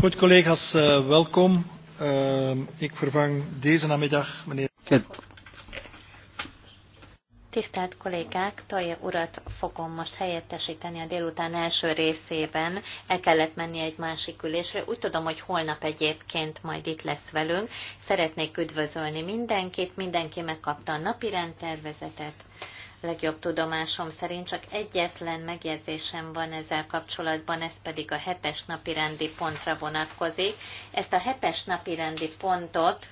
Goed, collega's, eh, welkom. Eh, ik vervang deze namiddag meneer... Tisztelt kollégák, Taja urat fogom most helyettesíteni a délután első részében. El kellett menni egy másik ülésre. Úgy tudom, hogy holnap egyébként majd itt lesz velünk. Szeretnék üdvözölni mindenkit. Mindenki megkapta a napi rendtervezetet legjobb tudomásom szerint csak egyetlen megjegyzésem van ezzel kapcsolatban, ez pedig a hetes napi rendi pontra vonatkozik. Ezt a hetes napi rendi pontot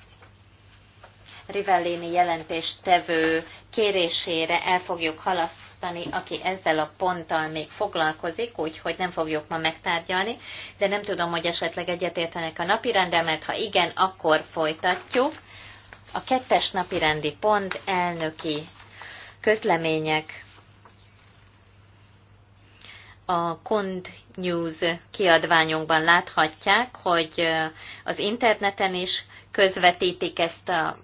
Rivellini jelentéstevő kérésére el fogjuk halasztani aki ezzel a ponttal még foglalkozik, úgyhogy nem fogjuk ma megtárgyalni, de nem tudom, hogy esetleg egyetértenek a mert ha igen, akkor folytatjuk. A kettes napirendi pont elnöki Közlemények. A Kond News kiadványunkban láthatják, hogy az interneten is közvetítik ezt a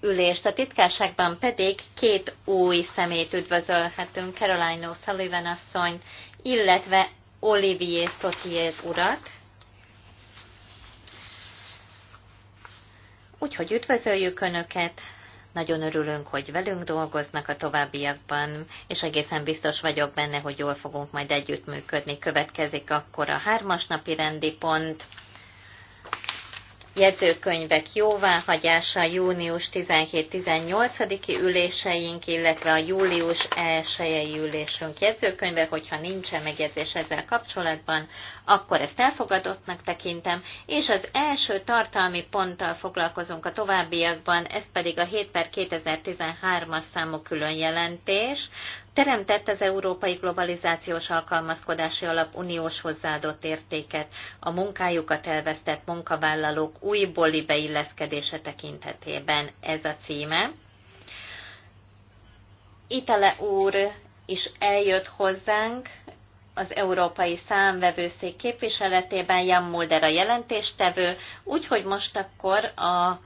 ülést. A titkárságban pedig két új szemét üdvözölhetünk, Caroline O'Sullivan asszony, illetve Olivier Sotier urat. Úgyhogy üdvözöljük Önöket! Nagyon örülünk, hogy velünk dolgoznak a továbbiakban, és egészen biztos vagyok benne, hogy jól fogunk majd együttműködni. Következik akkor a hármas napi rendi pont jegyzőkönyvek jóváhagyása június 17-18-i üléseink, illetve a július 1-i ülésünk jegyzőkönyve, hogyha nincsen megjegyzés ezzel kapcsolatban, akkor ezt elfogadottnak tekintem, és az első tartalmi ponttal foglalkozunk a továbbiakban, ez pedig a 7 per 2013-as számú külön jelentés, teremtett az európai globalizációs alkalmazkodási alap uniós hozzáadott értéket a munkájukat elvesztett munkavállalók újbóli beilleszkedése tekintetében. Ez a címe. Itele úr is eljött hozzánk, az Európai Számvevőszék képviseletében Jan Mulder a jelentéstevő, úgyhogy most akkor a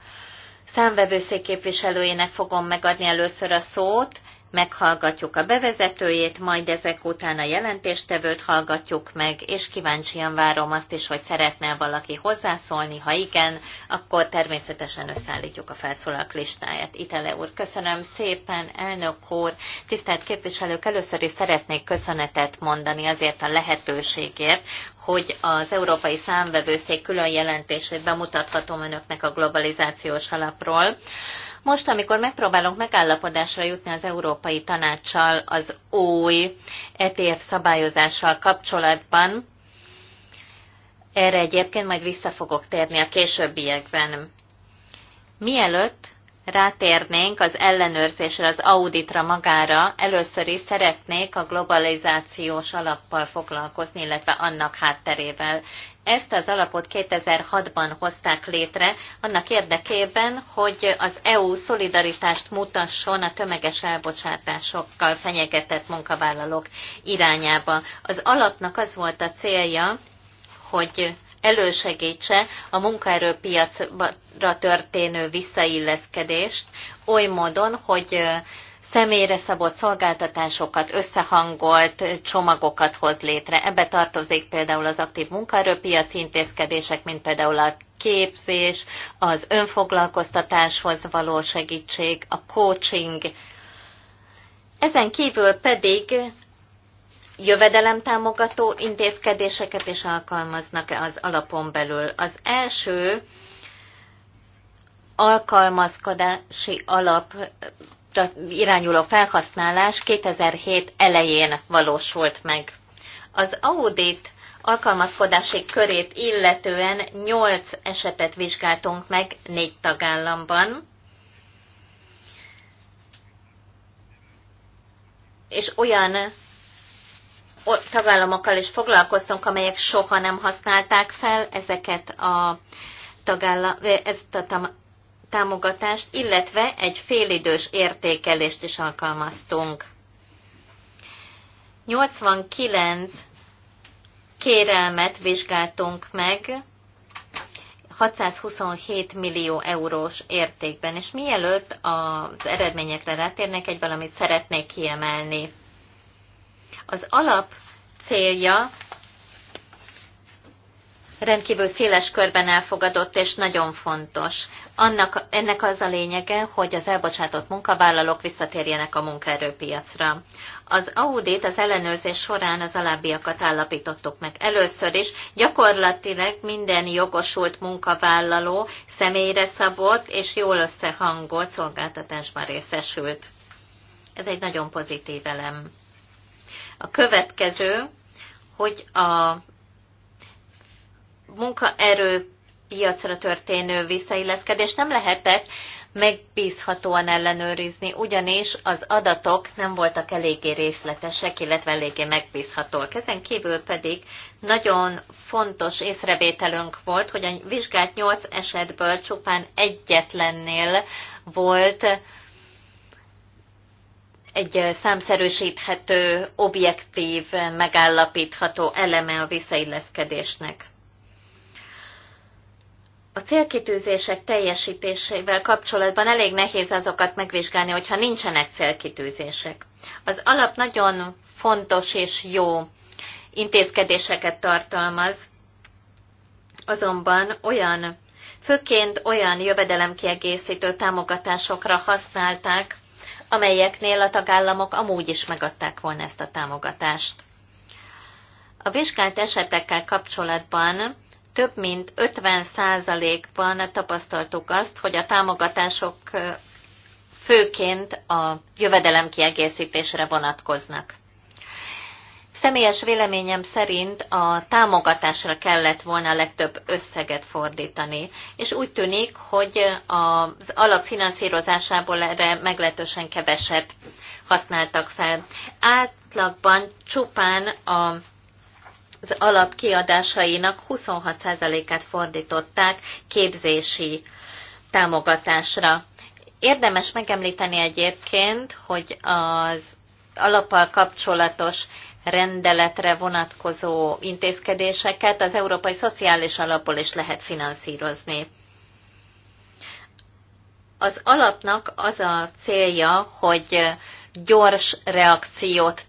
számvevőszék képviselőjének fogom megadni először a szót, meghallgatjuk a bevezetőjét, majd ezek után a jelentéstevőt hallgatjuk meg, és kíváncsian várom azt is, hogy szeretne valaki hozzászólni. Ha igen, akkor természetesen összeállítjuk a felszólalk listáját. Itele úr, köszönöm szépen, elnök úr, tisztelt képviselők, először is szeretnék köszönetet mondani azért a lehetőségért, hogy az Európai Számvevőszék külön jelentését bemutathatom önöknek a globalizációs alapról. Most, amikor megpróbálunk megállapodásra jutni az Európai Tanácssal az új ETF szabályozással kapcsolatban, erre egyébként majd vissza fogok térni a későbbiekben. Mielőtt rátérnénk az ellenőrzésre, az auditra magára, először is szeretnék a globalizációs alappal foglalkozni, illetve annak hátterével. Ezt az alapot 2006-ban hozták létre, annak érdekében, hogy az EU szolidaritást mutasson a tömeges elbocsátásokkal fenyegetett munkavállalók irányába. Az alapnak az volt a célja, hogy elősegítse a munkaerőpiacra történő visszailleszkedést oly módon, hogy személyre szabott szolgáltatásokat, összehangolt csomagokat hoz létre. Ebbe tartozik például az aktív munkaerőpiaci intézkedések, mint például a képzés, az önfoglalkoztatáshoz való segítség, a coaching. Ezen kívül pedig jövedelemtámogató intézkedéseket is alkalmaznak -e az alapon belül. Az első alkalmazkodási alap irányuló felhasználás 2007 elején valósult meg. Az audit alkalmazkodási körét illetően 8 esetet vizsgáltunk meg 4 tagállamban, és olyan tagállamokkal is foglalkoztunk, amelyek soha nem használták fel ezeket a tagállam, ezt a támogatást, illetve egy félidős értékelést is alkalmaztunk. 89 kérelmet vizsgáltunk meg, 627 millió eurós értékben, és mielőtt az eredményekre rátérnek, egy valamit szeretnék kiemelni. Az alap célja rendkívül széles körben elfogadott és nagyon fontos. Annak, ennek az a lényege, hogy az elbocsátott munkavállalók visszatérjenek a munkaerőpiacra. Az audit az ellenőrzés során az alábbiakat állapítottuk meg. Először is gyakorlatilag minden jogosult munkavállaló személyre szabott és jól összehangolt szolgáltatásban részesült. Ez egy nagyon pozitív elem. A következő, hogy a munkaerő piacra történő visszailleszkedés nem lehetett megbízhatóan ellenőrizni, ugyanis az adatok nem voltak eléggé részletesek, illetve eléggé megbízhatóak. Ezen kívül pedig nagyon fontos észrevételünk volt, hogy a vizsgált 8 esetből csupán egyetlennél volt egy számszerűsíthető, objektív, megállapítható eleme a visszailleszkedésnek a célkitűzések teljesítésével kapcsolatban elég nehéz azokat megvizsgálni, hogyha nincsenek célkitűzések. Az alap nagyon fontos és jó intézkedéseket tartalmaz, azonban olyan, főként olyan jövedelemkiegészítő támogatásokra használták, amelyeknél a tagállamok amúgy is megadták volna ezt a támogatást. A vizsgált esetekkel kapcsolatban több mint 50%-ban tapasztaltuk azt, hogy a támogatások főként a jövedelemkiegészítésre vonatkoznak. Személyes véleményem szerint a támogatásra kellett volna legtöbb összeget fordítani, és úgy tűnik, hogy az alapfinanszírozásából erre meglehetősen keveset használtak fel. Átlagban csupán a az alap kiadásainak 26%-át fordították képzési támogatásra. Érdemes megemlíteni egyébként, hogy az alappal kapcsolatos rendeletre vonatkozó intézkedéseket az Európai Szociális Alapból is lehet finanszírozni. Az alapnak az a célja, hogy gyors reakciót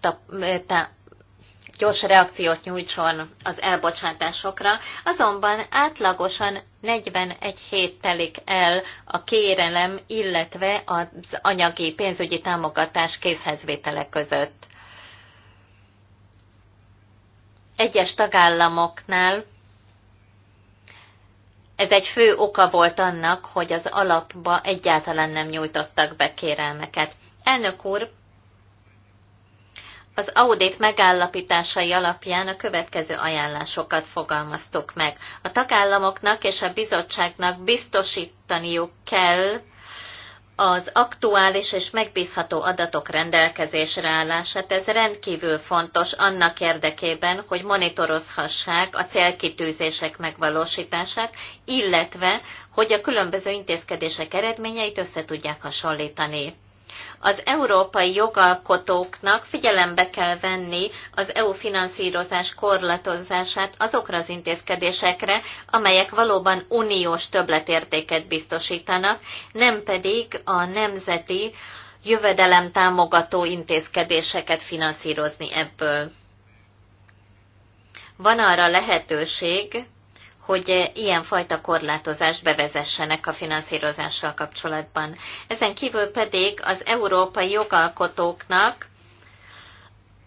gyors reakciót nyújtson az elbocsátásokra, azonban átlagosan 41 hét telik el a kérelem, illetve az anyagi pénzügyi támogatás készhezvétele között. Egyes tagállamoknál ez egy fő oka volt annak, hogy az alapba egyáltalán nem nyújtottak be kérelmeket. Elnök úr, az audit megállapításai alapján a következő ajánlásokat fogalmaztuk meg. A tagállamoknak és a bizottságnak biztosítaniuk kell az aktuális és megbízható adatok rendelkezésre állását. Ez rendkívül fontos annak érdekében, hogy monitorozhassák a célkitűzések megvalósítását, illetve hogy a különböző intézkedések eredményeit össze tudják hasonlítani az európai jogalkotóknak figyelembe kell venni az EU finanszírozás korlatozását azokra az intézkedésekre, amelyek valóban uniós többletértéket biztosítanak, nem pedig a nemzeti jövedelemtámogató intézkedéseket finanszírozni ebből. Van arra lehetőség, hogy eh, ilyenfajta korlátozást bevezessenek a finanszírozással kapcsolatban. Ezen kívül pedig az európai jogalkotóknak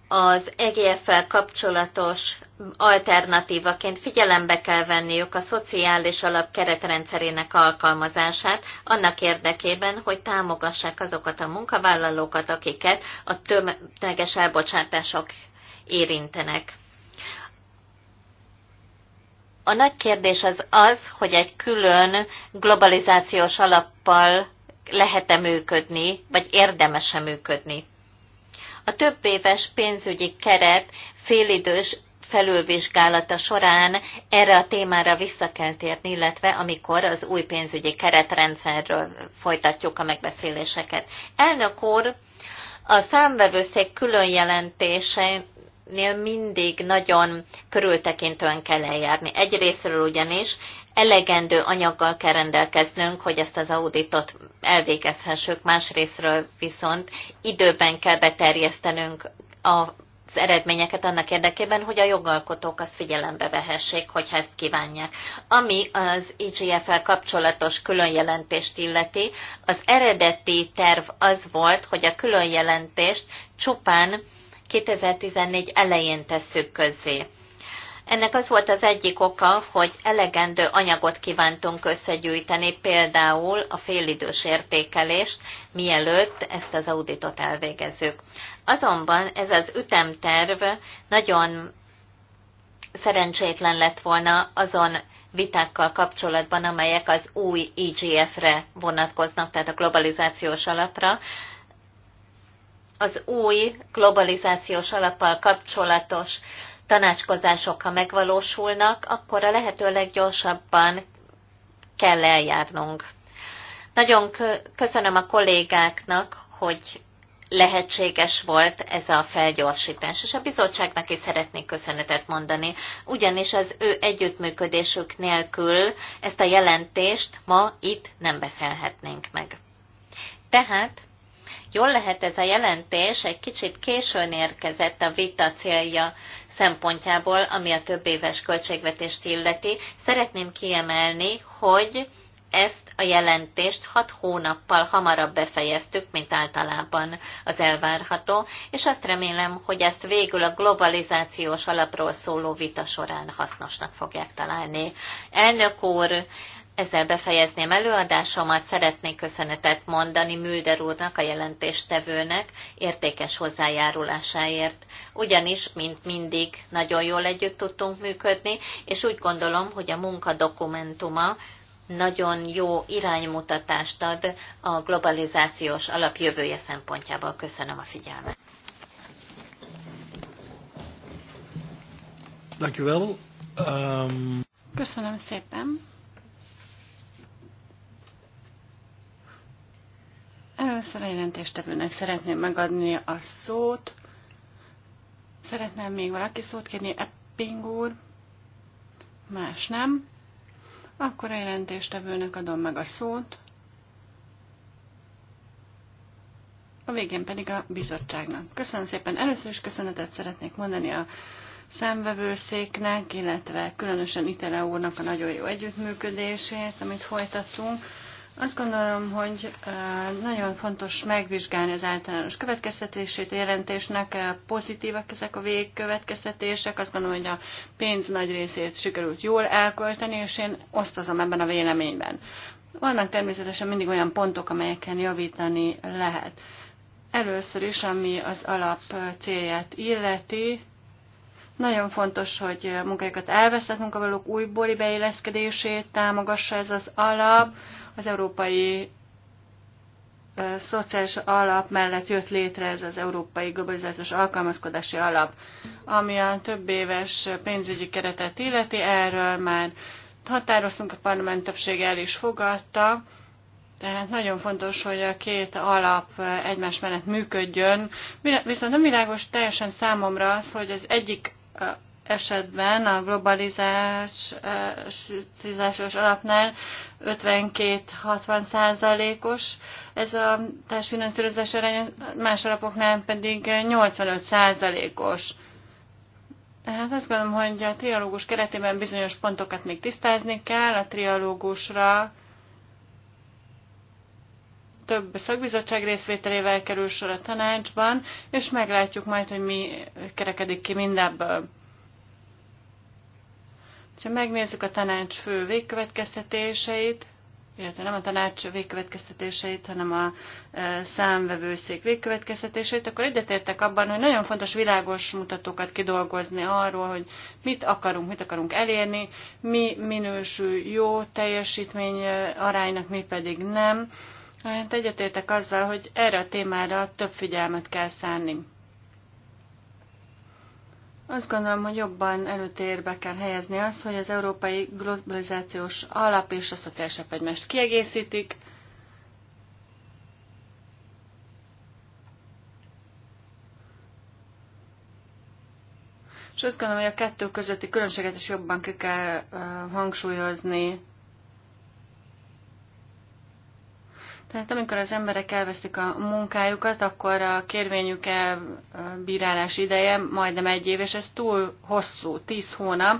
az EGF-fel kapcsolatos alternatívaként figyelembe kell venniük a szociális alap keretrendszerének alkalmazását annak érdekében, hogy támogassák azokat a munkavállalókat, akiket a tömeges elbocsátások érintenek. A nagy kérdés az az, hogy egy külön globalizációs alappal lehet-e működni, vagy érdemese működni. A több éves pénzügyi keret félidős felülvizsgálata során erre a témára vissza kell térni, illetve amikor az új pénzügyi keretrendszerről folytatjuk a megbeszéléseket. Elnök úr, a számvevőszék külön jelentése nél mindig nagyon körültekintően kell eljárni. Egyrésztről ugyanis elegendő anyaggal kell rendelkeznünk, hogy ezt az auditot elvégezhessük, másrésztről viszont időben kell beterjesztenünk a az eredményeket annak érdekében, hogy a jogalkotók azt figyelembe vehessék, hogyha ezt kívánják. Ami az IGF-el kapcsolatos különjelentést illeti, az eredeti terv az volt, hogy a különjelentést csupán 2014 elején tesszük közzé. Ennek az volt az egyik oka, hogy elegendő anyagot kívántunk összegyűjteni, például a félidős értékelést, mielőtt ezt az auditot elvégezzük. Azonban ez az ütemterv nagyon szerencsétlen lett volna azon vitákkal kapcsolatban, amelyek az új IGF-re vonatkoznak, tehát a globalizációs alapra, az új globalizációs alappal kapcsolatos tanácskozások, ha megvalósulnak, akkor a lehető leggyorsabban kell eljárnunk. Nagyon köszönöm a kollégáknak, hogy lehetséges volt ez a felgyorsítás, és a bizottságnak is szeretnék köszönetet mondani, ugyanis az ő együttműködésük nélkül ezt a jelentést ma itt nem beszélhetnénk meg. Tehát Jól lehet ez a jelentés egy kicsit későn érkezett a vita célja szempontjából, ami a több éves költségvetést illeti. Szeretném kiemelni, hogy ezt a jelentést hat hónappal hamarabb befejeztük, mint általában az elvárható, és azt remélem, hogy ezt végül a globalizációs alapról szóló vita során hasznosnak fogják találni. Elnök úr, ezzel befejezném előadásomat, szeretnék köszönetet mondani Mülder úrnak, a jelentéstevőnek értékes hozzájárulásáért. Ugyanis, mint mindig, nagyon jól együtt tudtunk működni, és úgy gondolom, hogy a munka dokumentuma nagyon jó iránymutatást ad a globalizációs alapjövője szempontjából. Köszönöm a figyelmet. Ehm, Köszönöm szépen. Először a jelentéstevőnek szeretném megadni a szót. Szeretném még valaki szót kérni, Epping úr? Más nem. Akkor a jelentéstevőnek adom meg a szót. A végén pedig a bizottságnak. Köszönöm szépen. Először is köszönetet szeretnék mondani a szemvevőszéknek, illetve különösen Itele úrnak a nagyon jó együttműködését, amit folytattunk. Azt gondolom, hogy nagyon fontos megvizsgálni az általános következtetését a jelentésnek. Pozitívak ezek a végkövetkeztetések. Azt gondolom, hogy a pénz nagy részét sikerült jól elkölteni, és én osztozom ebben a véleményben. Vannak természetesen mindig olyan pontok, amelyeken javítani lehet. Először is, ami az alap célját illeti, nagyon fontos, hogy munkájukat elvesztett munkavállalók újbóli beilleszkedését támogassa ez az alap, az európai szociális alap mellett jött létre ez az Európai Globalizációs Alkalmazkodási Alap, ami a több éves pénzügyi keretet illeti, erről már határoztunk, a parlament többsége el is fogadta, tehát nagyon fontos, hogy a két alap egymás mellett működjön, viszont nem világos teljesen számomra az, hogy az egyik esetben a globalizációs alapnál 52-60 százalékos ez a társfinanszírozás arány, más alapoknál pedig 85 százalékos. Tehát azt gondolom, hogy a trialógus keretében bizonyos pontokat még tisztázni kell, a trialógusra több szakbizottság részvételével kerül sor a tanácsban, és meglátjuk majd, hogy mi kerekedik ki mindebből. Ha megnézzük a tanács fő végkövetkeztetéseit, illetve nem a tanács végkövetkeztetéseit, hanem a e, számvevőszék végkövetkeztetéseit, akkor egyetértek abban, hogy nagyon fontos világos mutatókat kidolgozni arról, hogy mit akarunk, mit akarunk elérni, mi minősül jó teljesítmény e, aránynak, mi pedig nem. Hát egyetértek azzal, hogy erre a témára több figyelmet kell szánni. Azt gondolom, hogy jobban előtérbe kell helyezni azt, hogy az európai globalizációs alap és a szociálisabb egymást kiegészítik. És azt gondolom, hogy a kettő közötti különbséget is jobban ki kell hangsúlyozni. Tehát amikor az emberek elvesztik a munkájukat, akkor a kérvényük elbírálás ideje majdnem egy év, és ez túl hosszú, tíz hónap.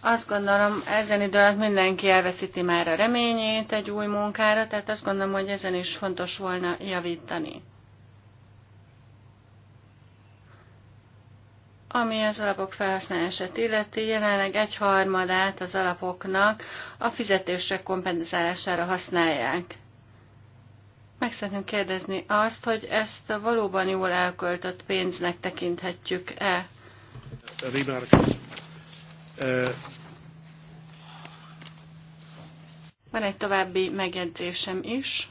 Azt gondolom, ezen idő alatt mindenki elveszíti már a reményét egy új munkára, tehát azt gondolom, hogy ezen is fontos volna javítani. Ami az alapok felhasználását illeti, jelenleg egyharmadát az alapoknak a fizetések kompenzálására használják. Meg szeretném kérdezni azt, hogy ezt a valóban jól elköltött pénznek tekinthetjük-e? Eh, Van egy további megjegyzésem is.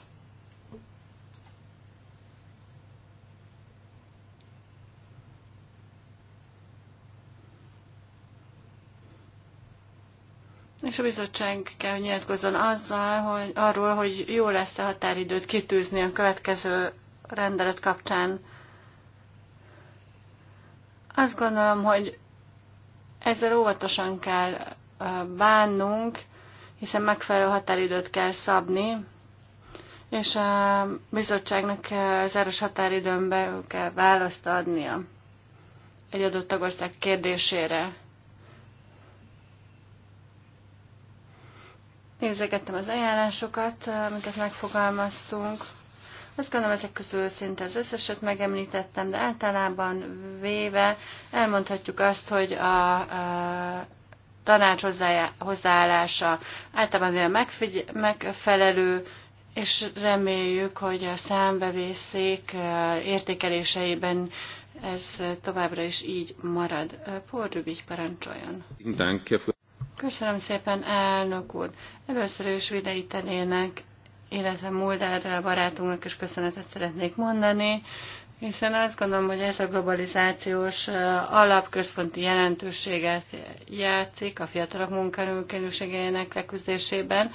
És a bizottság kell, hogy nyilatkozzon azzal, hogy, arról, hogy jó lesz a határidőt kitűzni a következő rendelet kapcsán. Azt gondolom, hogy ezzel óvatosan kell bánnunk, hiszen megfelelő határidőt kell szabni, és a bizottságnak erős határidőn belül kell választ adnia egy adott tagország kérdésére. Nézegettem az ajánlásokat, amiket megfogalmaztunk. Azt gondolom, ezek közül szinte az összeset megemlítettem, de általában véve elmondhatjuk azt, hogy a, a tanács hozzáállása általában véve megfigy- megfelelő, és reméljük, hogy a számbevészék értékeléseiben ez továbbra is így marad. Paul Rübig parancsoljon. Köszönöm szépen, elnök úr. Először is Videi Tenének, illetve Mulder barátunknak is köszönetet szeretnék mondani, hiszen azt gondolom, hogy ez a globalizációs alapközponti jelentőséget játszik a fiatalok munkanőkenőségének leküzdésében,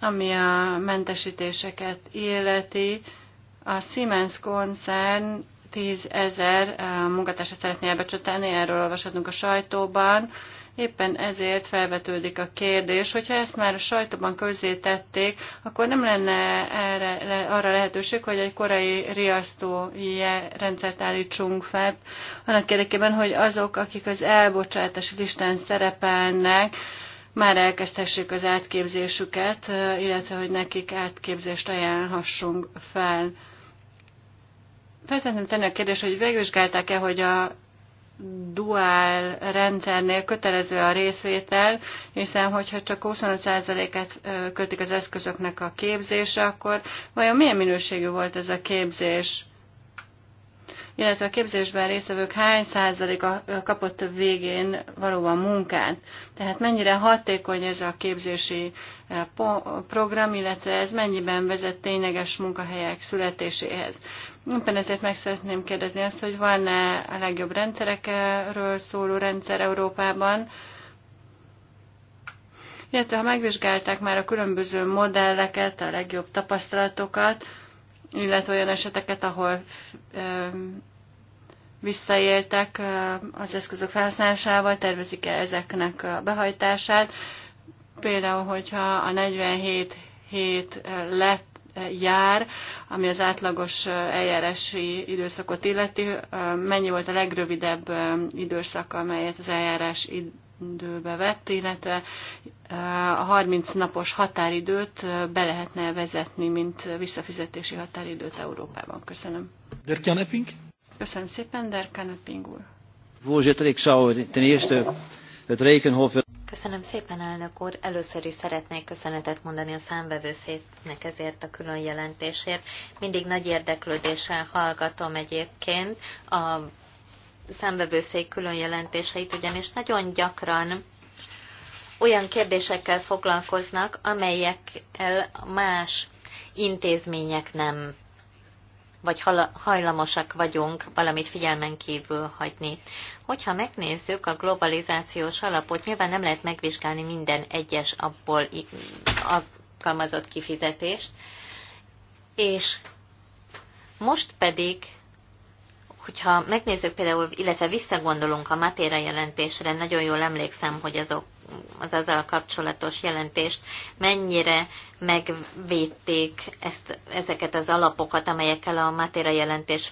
ami a mentesítéseket illeti. A Siemens koncern 10 ezer munkatársat szeretné elbecsötelni, erről olvashatunk a sajtóban, Éppen ezért felvetődik a kérdés, hogyha ezt már a sajtóban közé tették, akkor nem lenne erre, arra lehetőség, hogy egy korai riasztó rendszert állítsunk fel, annak érdekében, hogy azok, akik az elbocsátási listán szerepelnek, már elkezdhessék az átképzésüket, illetve hogy nekik átképzést ajánlhassunk fel. Feltettem tenni a kérdést, hogy végülvizsgálták e hogy a duál rendszernél kötelező a részvétel, hiszen hogyha csak 25 et kötik az eszközöknek a képzése, akkor vajon milyen minőségű volt ez a képzés? Illetve a képzésben résztvevők hány százaléka kapott a végén valóban munkát? Tehát mennyire hatékony ez a képzési program, illetve ez mennyiben vezet tényleges munkahelyek születéséhez? Éppen ezért meg szeretném kérdezni azt, hogy van-e a legjobb rendszerekről szóló rendszer Európában, illetve ha megvizsgálták már a különböző modelleket, a legjobb tapasztalatokat, illetve olyan eseteket, ahol visszaéltek az eszközök felhasználásával, tervezik-e ezeknek a behajtását. Például, hogyha a 47 hét lett jár, ami az átlagos eljárási időszakot illeti. Mennyi volt a legrövidebb időszak, amelyet az eljárás időbe vett, illetve a 30 napos határidőt be lehetne vezetni, mint visszafizetési határidőt Európában. Köszönöm. Der Köszönöm szépen, Der Kaneping úr. Voorzitter, ik zou ten eerste het rekenhof... Köszönöm szépen, elnök úr. Először is szeretnék köszönetet mondani a számbevőszétnek ezért a külön jelentésért. Mindig nagy érdeklődéssel hallgatom egyébként a számbevőszék külön jelentéseit, ugyanis nagyon gyakran olyan kérdésekkel foglalkoznak, amelyekkel más intézmények nem vagy hajlamosak vagyunk valamit figyelmen kívül hagyni. Hogyha megnézzük a globalizációs alapot, nyilván nem lehet megvizsgálni minden egyes abból alkalmazott kifizetést, és most pedig hogyha megnézzük például, illetve visszagondolunk a Matéra jelentésre, nagyon jól emlékszem, hogy azok, az azzal kapcsolatos jelentést mennyire megvédték ezt, ezeket az alapokat, amelyekkel a Matéra jelentés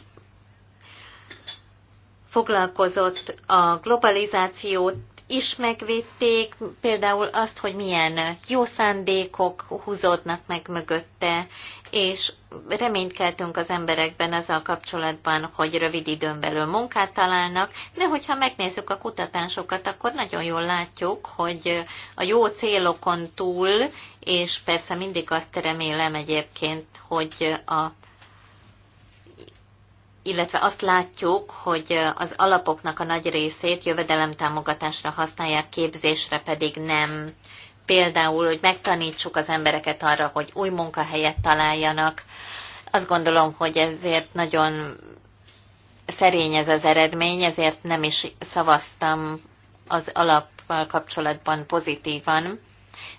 foglalkozott a globalizációt, is megvédték, például azt, hogy milyen jó szándékok húzódnak meg mögötte, és reményt keltünk az emberekben azzal kapcsolatban, hogy rövid időn belül munkát találnak, de hogyha megnézzük a kutatásokat, akkor nagyon jól látjuk, hogy a jó célokon túl, és persze mindig azt remélem egyébként, hogy a illetve azt látjuk, hogy az alapoknak a nagy részét jövedelemtámogatásra használják, képzésre pedig nem. Például, hogy megtanítsuk az embereket arra, hogy új munkahelyet találjanak. Azt gondolom, hogy ezért nagyon szerény ez az eredmény, ezért nem is szavaztam az alappal kapcsolatban pozitívan.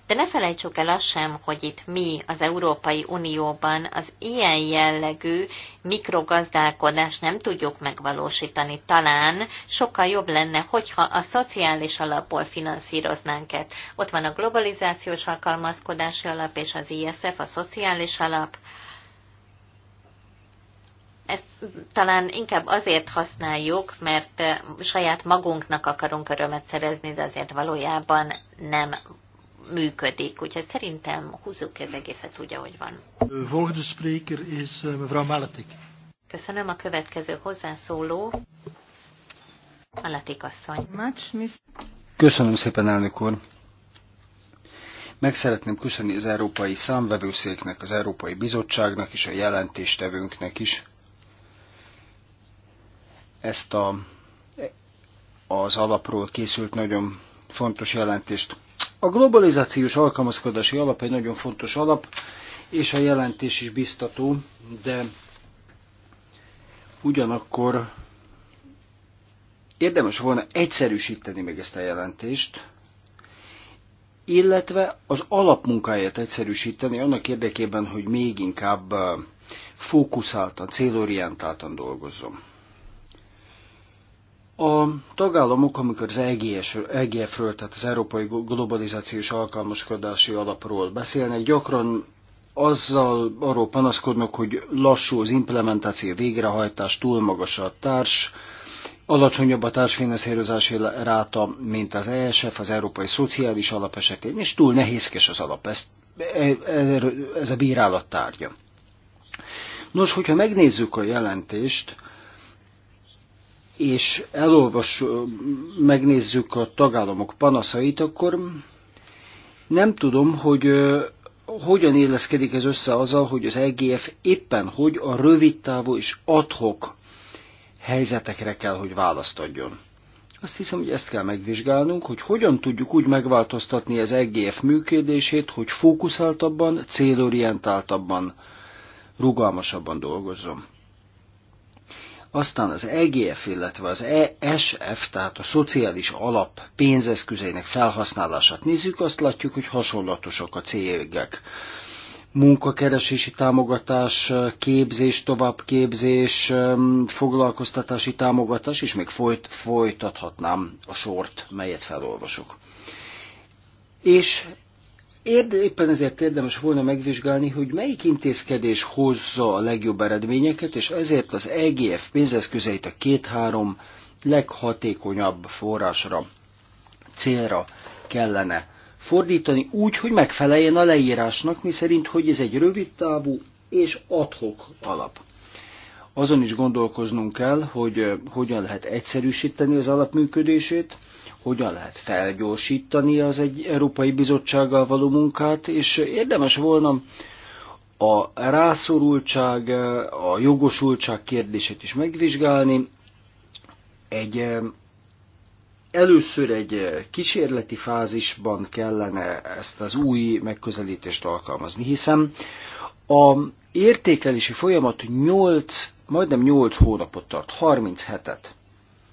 De ne felejtsük el azt sem, hogy itt mi az Európai Unióban az ilyen jellegű mikrogazdálkodást nem tudjuk megvalósítani. Talán sokkal jobb lenne, hogyha a szociális alapból finanszíroznánk ezt. Ott van a globalizációs alkalmazkodási alap és az ISF, a szociális alap. Ezt talán inkább azért használjuk, mert eh, saját magunknak akarunk örömet szerezni, de azért valójában nem működik. Úgyhogy szerintem húzzuk ez egészet úgy, ahogy van. Volgende spreker is eh, mevrouw Maletik. Köszönöm a következő hozzászóló. Maletik asszony. Köszönöm szépen, elnök úr. Meg szeretném köszönni az Európai Számvevőszéknek, az Európai Bizottságnak és a jelentéstevőnknek is ezt a, az alapról készült nagyon fontos jelentést. A globalizációs alkalmazkodási alap egy nagyon fontos alap, és a jelentés is biztató, de ugyanakkor érdemes volna egyszerűsíteni meg ezt a jelentést, illetve az alapmunkáját egyszerűsíteni annak érdekében, hogy még inkább eh, fókuszáltan, célorientáltan dolgozzon. A tagállamok, amikor az EGF-ről, e tehát az Európai Globalizációs Alkalmaskodási Alapról beszélnek, gyakran azzal arról panaszkodnak, hogy lassú az implementáció, végrehajtás, túl magas a társ, alacsonyabb a társfinanszírozási ráta, mint az ESF, az Európai Szociális Alap esetén, és túl nehézkes az alap. Ez, e, ez a bírálat tárgya. Nos, hogyha megnézzük a jelentést, és elolvas, megnézzük a tagállamok panaszait, akkor nem tudom, hogy hogyan illeszkedik ez össze azzal, hogy az EGF éppen hogy a rövidtávú és adhok helyzetekre kell, hogy választ adjon. Azt hiszem, hogy ezt kell megvizsgálnunk, hogy hogyan tudjuk úgy megváltoztatni az EGF működését, hogy fókuszáltabban, célorientáltabban, rugalmasabban dolgozzon. Aztán az EGF, illetve az ESF, tehát a szociális alap pénzeszközeinek felhasználását nézzük, azt látjuk, hogy hasonlatosak a cégek. Munkakeresési támogatás, képzés, továbbképzés, foglalkoztatási támogatás, és még folyt, folytathatnám a sort, melyet felolvasok. És éppen ezért érdemes volna megvizsgálni, hogy melyik intézkedés hozza a legjobb eredményeket, és ezért az EGF pénzeszközeit a két-három leghatékonyabb forrásra, célra kellene fordítani úgy, hogy megfeleljen a leírásnak, miszerint, hogy ez egy rövid távú és adhok alap. Azon is gondolkoznunk kell, hogy eh, hogyan lehet egyszerűsíteni az alapműködését, hogyan lehet felgyorsítani az egy Európai Bizottsággal való munkát, és érdemes volna a rászorultság, a jogosultság kérdését is megvizsgálni. Egy először egy kísérleti fázisban kellene ezt az új megközelítést alkalmazni, hiszen a értékelési folyamat 8, majdnem 8 hónapot tart, 30 hetet.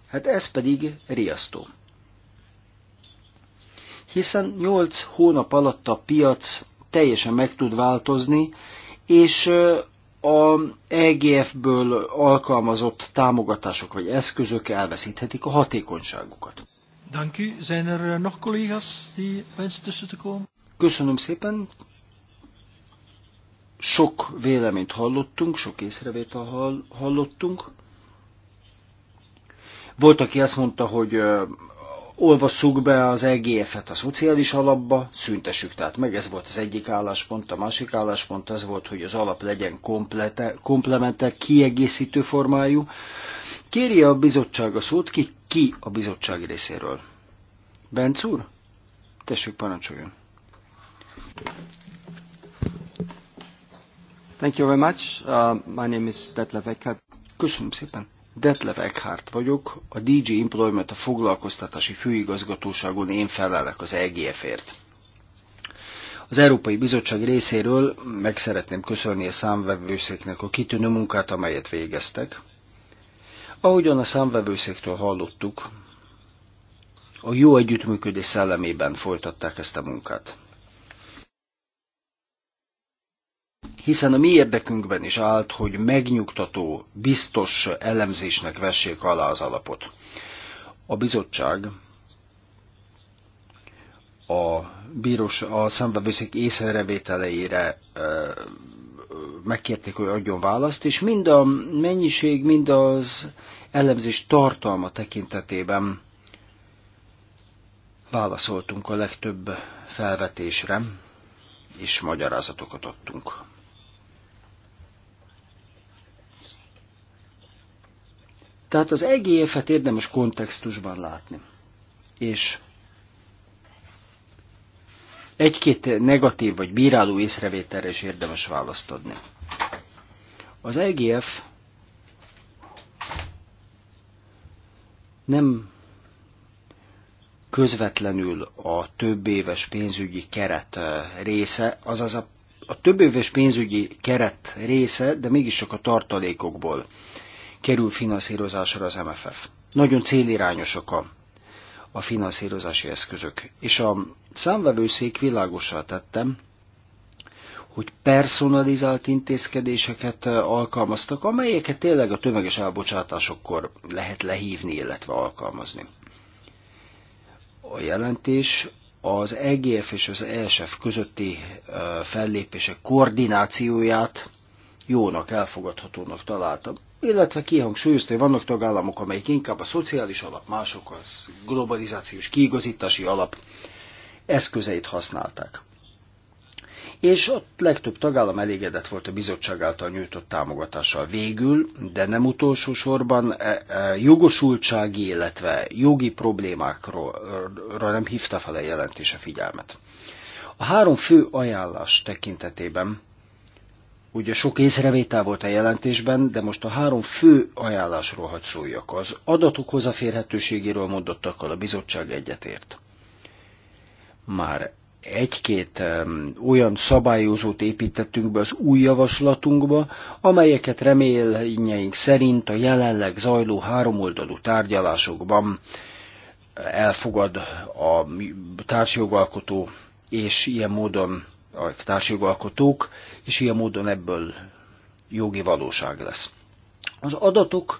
Hát ez pedig riasztó hiszen 8 hónap alatt a piac teljesen meg tud változni, és a EGF-ből alkalmazott támogatások vagy eszközök elveszíthetik a hatékonyságukat. Dank Zijn er eh, nog collega's die wensen tussen te komen? Köszönöm szépen. Sok véleményt hallottunk, sok észrevétel hallottunk. Volt, aki azt mondta, hogy olvassuk be az EGF-et a szociális alapba, szüntessük tehát meg, ez volt az egyik álláspont, a másik álláspont az volt, hogy az alap legyen komplete, komplemente, kiegészítő formájú. Kéri a bizottság a szót ki? Ki a bizottság részéről? Benc úr? Tessék, parancsoljon. Thank you very much. Uh, my name is Detlef Eckert. Köszönöm szépen. Detlev Eckhart vagyok, a DJ Employment, a foglalkoztatási főigazgatóságon én felelek az EGF-ért. Az Európai Bizottság részéről meg szeretném köszönni a számvevőszéknek a kitűnő munkát, amelyet végeztek. Ahogyan a számvevőszéktől hallottuk, a jó együttműködés szellemében folytatták ezt a munkát. hiszen a mi érdekünkben is állt, hogy megnyugtató, biztos elemzésnek vessék alá az alapot. A bizottság a bíros a szembevőszék észrevételeire megkérték, hogy adjon választ, és mind a mennyiség, mind az elemzés tartalma tekintetében válaszoltunk a legtöbb felvetésre, és magyarázatokat adtunk. Tehát az EGF-et érdemes kontextusban látni. És egy-két negatív vagy bíráló észrevételre is érdemes választ adni. Az EGF nem közvetlenül a több éves pénzügyi keret eh, része, azaz a, a több éves pénzügyi keret része, de mégiscsak a tartalékokból kerül finanszírozásra az MFF. Nagyon célirányosak a, a finanszírozási eszközök. És a számvevőszék világosra tettem, hogy personalizált intézkedéseket eh, alkalmaztak, amelyeket tényleg a tömeges elbocsátásokkor lehet lehívni, illetve alkalmazni. A jelentés az EGF és az ESF közötti eh, fellépések koordinációját jónak, elfogadhatónak találtam illetve kihangsúlyozta, hogy vannak tagállamok, amelyik inkább a szociális alap, mások az globalizációs kiigazítási alap eszközeit használták. És a legtöbb tagállam elégedett volt a bizottság által nyújtott támogatással végül, de nem utolsó sorban e, e, jogosultsági, illetve jogi problémákra nem hívta fel a jelentése figyelmet. A három fő ajánlás tekintetében Ugye sok észrevétel volt a jelentésben, de most a három fő ajánlásról hagy szóljak. Az adatok hozzáférhetőségéről mondottakkal a bizottság egyetért. Már egy-két olyan szabályozót építettünk be az új javaslatunkba, amelyeket reményeink szerint a jelenleg zajló háromoldalú tárgyalásokban elfogad a társjogalkotó, és ilyen módon a társjogalkotók, és ilyen módon ebből jogi valóság lesz. Az adatok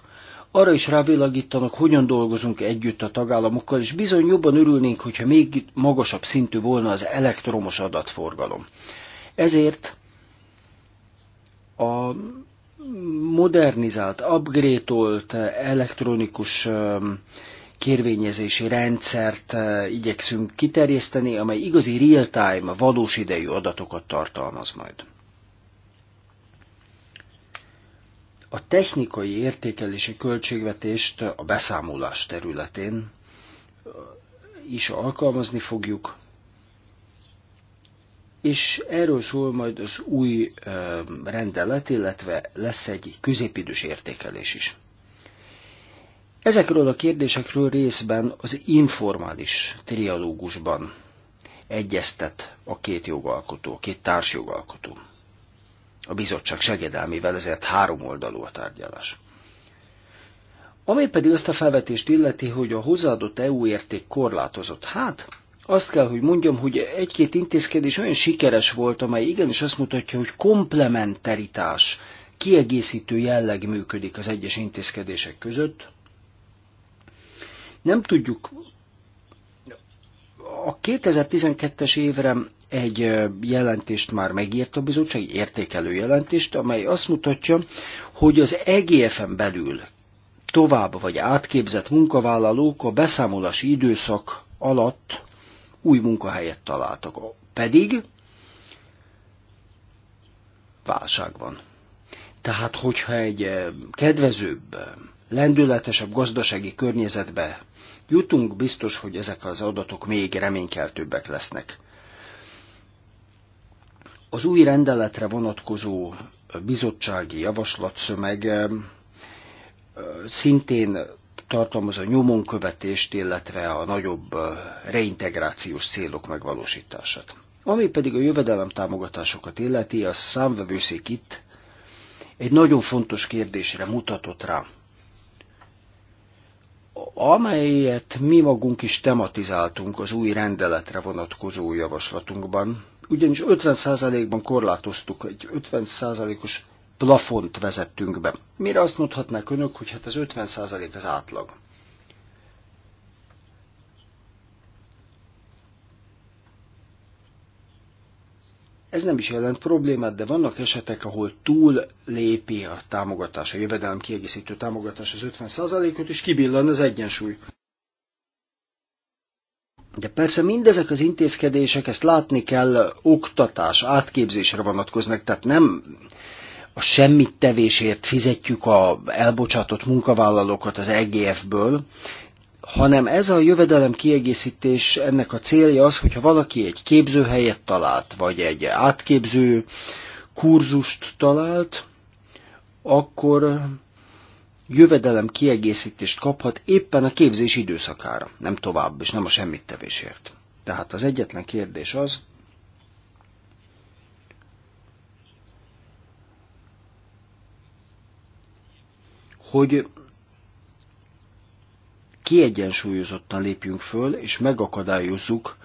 arra is rávilágítanak, hogyan dolgozunk együtt a tagállamokkal, és bizony jobban örülnénk, hogyha még magasabb szintű volna az elektromos adatforgalom. Ezért a modernizált, upgrade-olt elektronikus kérvényezési rendszert igyekszünk kiterjeszteni, amely igazi real-time, valós idejű adatokat tartalmaz majd. A technikai értékelési költségvetést a beszámolás területén is alkalmazni fogjuk, és erről szól majd az új rendelet, illetve lesz egy középidős értékelés is. Ezekről a kérdésekről részben az informális trialógusban egyeztet a két jogalkotó, a két társjogalkotó. A bizottság segedelmével ezért három oldalú a tárgyalás. Ami pedig azt a felvetést illeti, hogy a hozzáadott EU érték korlátozott. Hát, azt kell, hogy mondjam, hogy egy-két intézkedés olyan sikeres volt, amely igenis azt mutatja, hogy komplementaritás, kiegészítő jelleg működik az egyes intézkedések között, nem tudjuk. A 2012-es évre egy jelentést már megírt a bizottság, értékelő jelentést, amely azt mutatja, hogy az EGF-en belül tovább vagy átképzett munkavállalók a beszámolási időszak alatt új munkahelyet találtak. Pedig válság van. Tehát, hogyha egy kedvezőbb, lendületesebb gazdasági környezetbe jutunk, biztos, hogy ezek az adatok még reménykeltőbbek lesznek. Az új rendeletre vonatkozó bizottsági javaslatszömeg eh, szintén tartalmaz a nyomonkövetést, illetve a nagyobb eh, reintegrációs célok megvalósítását. Ami pedig a jövedelemtámogatásokat illeti, a számvevőszék itt egy nagyon fontos kérdésre mutatott rá amelyet mi magunk is tematizáltunk az új rendeletre vonatkozó javaslatunkban, ugyanis 50%-ban korlátoztuk, egy 50%-os plafont vezettünk be. Mire azt mondhatnák önök, hogy hát ez 50% az átlag. Ez nem is jelent problémát, de vannak esetek, ahol túl lépi a támogatás, a jövedelem kiegészítő támogatás az 50%-ot, és kibillan az egyensúly. De persze mindezek az intézkedések, ezt látni kell, oktatás, átképzésre vonatkoznak, tehát nem a semmit tevésért fizetjük a elbocsátott munkavállalókat az EGF-ből, hanem ez a jövedelem kiegészítés, ennek a célja az, hogyha valaki egy képzőhelyet talált, vagy egy átképző kurzust talált, akkor jövedelem kiegészítést kaphat éppen a képzés időszakára, nem tovább, és nem a semmit tevésért. Tehát az egyetlen kérdés az, hogy kiegyensúlyozottan lépjünk föl, és megakadályozzuk,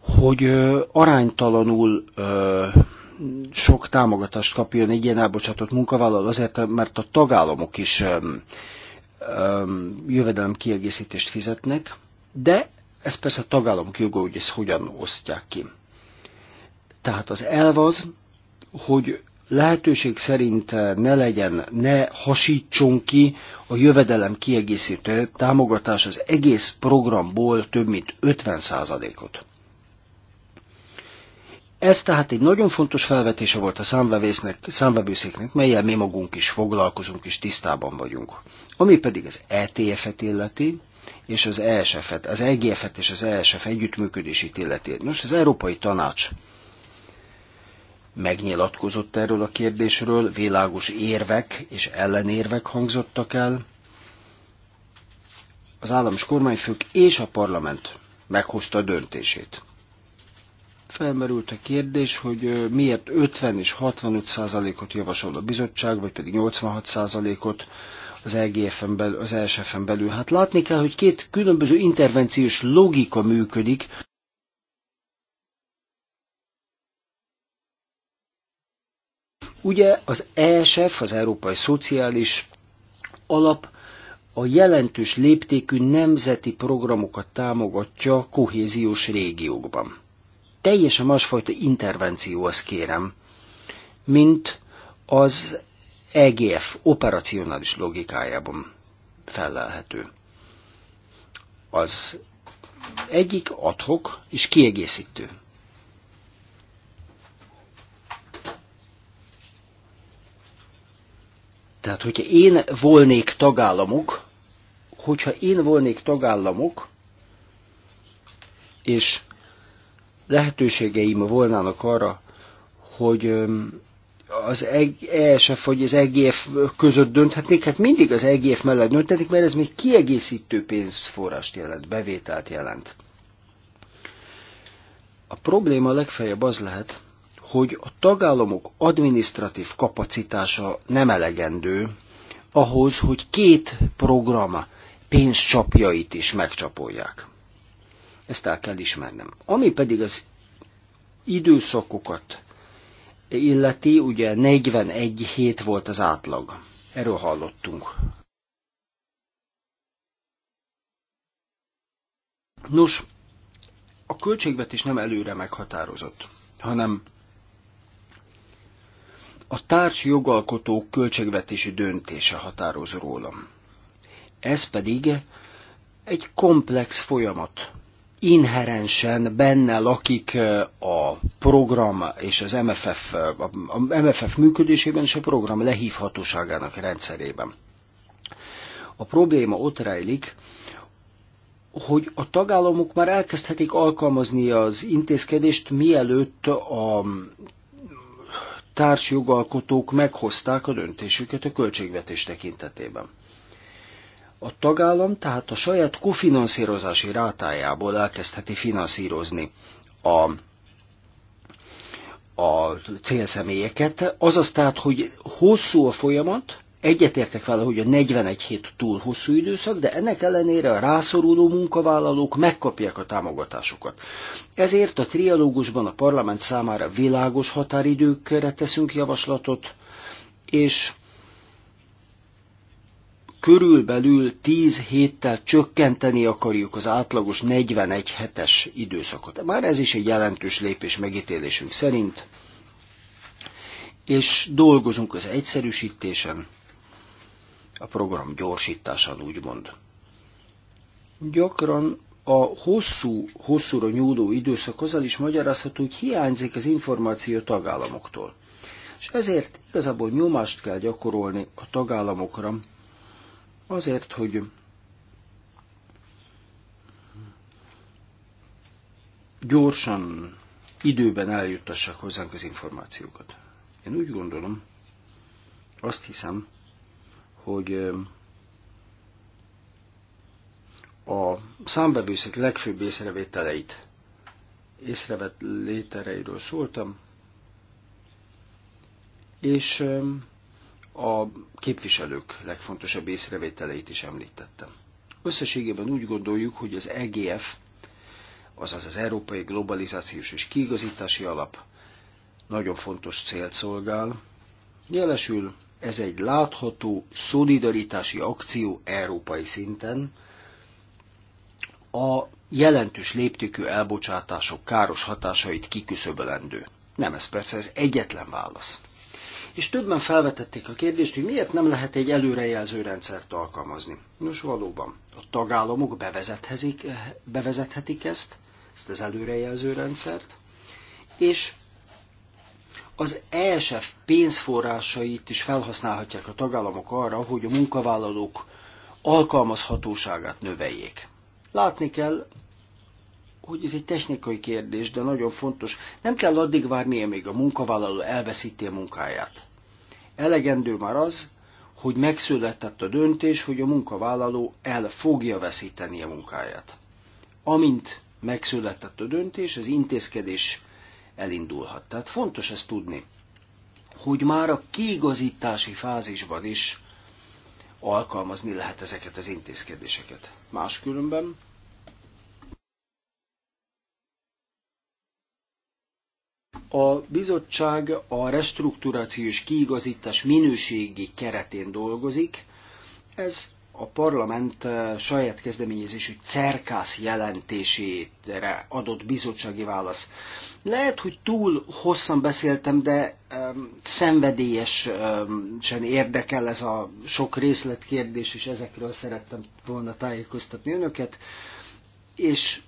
hogy aránytalanul sok támogatást kapjon egy ilyen elbocsátott munkavállaló, azért, mert a tagállamok is jövedelem kiegészítést fizetnek, de ez persze a tagállamok joga, hogy ezt hogyan osztják ki. Tehát az elv az, hogy lehetőség szerint eh, ne legyen, ne hasítson ki a jövedelem kiegészítő támogatás az egész programból több mint 50%-ot. Ez tehát egy nagyon fontos felvetése volt a számvevőszéknek, melyel mi magunk is foglalkozunk és tisztában vagyunk. Ami pedig az ETF-et illeti, és az ESF-et, az EGF-et és az ESF együttműködését illeti. Nos, az Európai Tanács megnyilatkozott erről a kérdésről, világos érvek és ellenérvek hangzottak el. Az államos kormányfők és a parlament meghozta a döntését. Felmerült a kérdés, hogy miért 50 és 65 százalékot javasol a bizottság, vagy pedig 86 százalékot az EGF-en belül, az ESF-en belül. Hát látni kell, hogy két különböző intervenciós logika működik Ugye az ESF, az Európai Szociális Alap a jelentős léptékű nemzeti programokat támogatja kohéziós régiókban. Teljesen másfajta intervenció, az kérem, mint az EGF operacionális logikájában felelhető. Az egyik adhok és kiegészítő Tehát, hogyha én volnék tagállamok, hogyha én volnék tagállamok, és lehetőségeim volnának arra, hogy az ESF e vagy az EGF között dönthetnék, hát mindig az EGF mellett dönthetnék, mert ez még kiegészítő pénzforrást jelent, bevételt jelent. A probléma legfeljebb az lehet, hogy a tagállamok adminisztratív kapacitása nem elegendő ahhoz, hogy két program pénzcsapjait is megcsapolják. Ezt el kell ismernem. Ami pedig az időszakokat illeti, ugye 41 hét volt az átlag. Erről hallottunk. Nos, a költségvetés nem előre meghatározott, hanem a társ jogalkotók költségvetési döntése határoz rólam. Ez pedig egy komplex folyamat. Inherensen benne lakik a program és az MFF, a MFF működésében és a program lehívhatóságának rendszerében. A probléma ott rejlik, hogy a tagállamok már elkezdhetik alkalmazni az intézkedést, mielőtt a társjogalkotók meghozták a döntésüket a költségvetés tekintetében. A tagállam tehát a saját kofinanszírozási rátájából elkezdheti finanszírozni a a célszemélyeket, azaz tehát, hogy hosszú a folyamat, Egyetértek vele, hogy a 41 hét túl hosszú időszak, de ennek ellenére a rászoruló munkavállalók megkapják a támogatásukat. Ezért a trialógusban a parlament számára világos határidőkre teszünk javaslatot, és körülbelül 10 héttel csökkenteni akarjuk az átlagos 41 hetes időszakot. Már ez is egy jelentős lépés megítélésünk szerint, és dolgozunk az egyszerűsítésen, a program gyorsításán úgymond. Gyakran a hosszú, hosszúra nyúló időszak azzal is magyarázható, hogy hiányzik az információ tagállamoktól. És ezért igazából nyomást kell gyakorolni a tagállamokra, azért, hogy gyorsan, időben eljuttassák hozzánk az információkat. Én úgy gondolom, azt hiszem, hogy a számbevőszék legfőbb észrevételeit, észrevett létereiről szóltam, és a képviselők legfontosabb észrevételeit is említettem. Összességében úgy gondoljuk, hogy az EGF, azaz az Európai Globalizációs és Kiigazítási Alap nagyon fontos célt szolgál, jelesül ez egy látható szolidaritási akció európai szinten. A jelentős léptékű elbocsátások káros hatásait kiküszöbölendő. Nem ez persze, ez egyetlen válasz. És többen felvetették a kérdést, hogy miért nem lehet egy előrejelző rendszert alkalmazni. Nos, valóban, a tagállamok bevezethetik ezt, ezt az előrejelző rendszert, és az ESF pénzforrásait is felhasználhatják a tagállamok arra, hogy a munkavállalók alkalmazhatóságát növeljék. Látni kell, hogy ez egy technikai kérdés, de nagyon fontos. Nem kell addig várnia, még a munkavállaló elveszíti a munkáját. Elegendő már az, hogy megszületett a döntés, hogy a munkavállaló el fogja veszíteni a munkáját. Amint megszületett a döntés, az intézkedés elindulhat. Tehát fontos ezt tudni, hogy már a kiigazítási fázisban is alkalmazni lehet ezeket az intézkedéseket. Máskülönben A bizottság a restrukturációs kiigazítás minőségi keretén dolgozik, ez a parlament eh, saját kezdeményezésű cerkász jelentésére adott bizottsági válasz. Lehet, hogy túl hosszan beszéltem, de um, szenvedélyesen érdekel ez a sok részletkérdés, és ezekről szerettem volna tájékoztatni önöket. És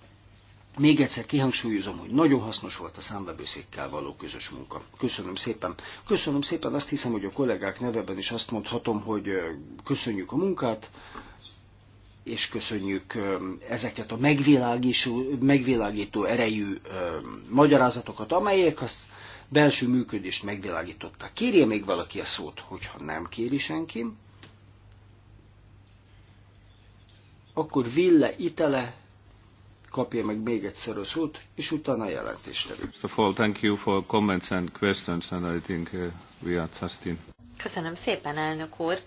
még egyszer kihangsúlyozom, hogy nagyon hasznos volt a számbevőszékkel való közös munka. Köszönöm szépen. Köszönöm szépen, azt hiszem, hogy a kollégák neveben is azt mondhatom, hogy köszönjük a munkát, és köszönjük ezeket a megvilágító, megvilágító erejű magyarázatokat, amelyek azt belső működést megvilágították. Kérje még valaki a szót, hogyha nem kéri senki, akkor Ville Itele kapja meg még egyszer a szót, és utána a jelentést thank you for comments and questions, and I think uh, we are Köszönöm szépen, elnök úr.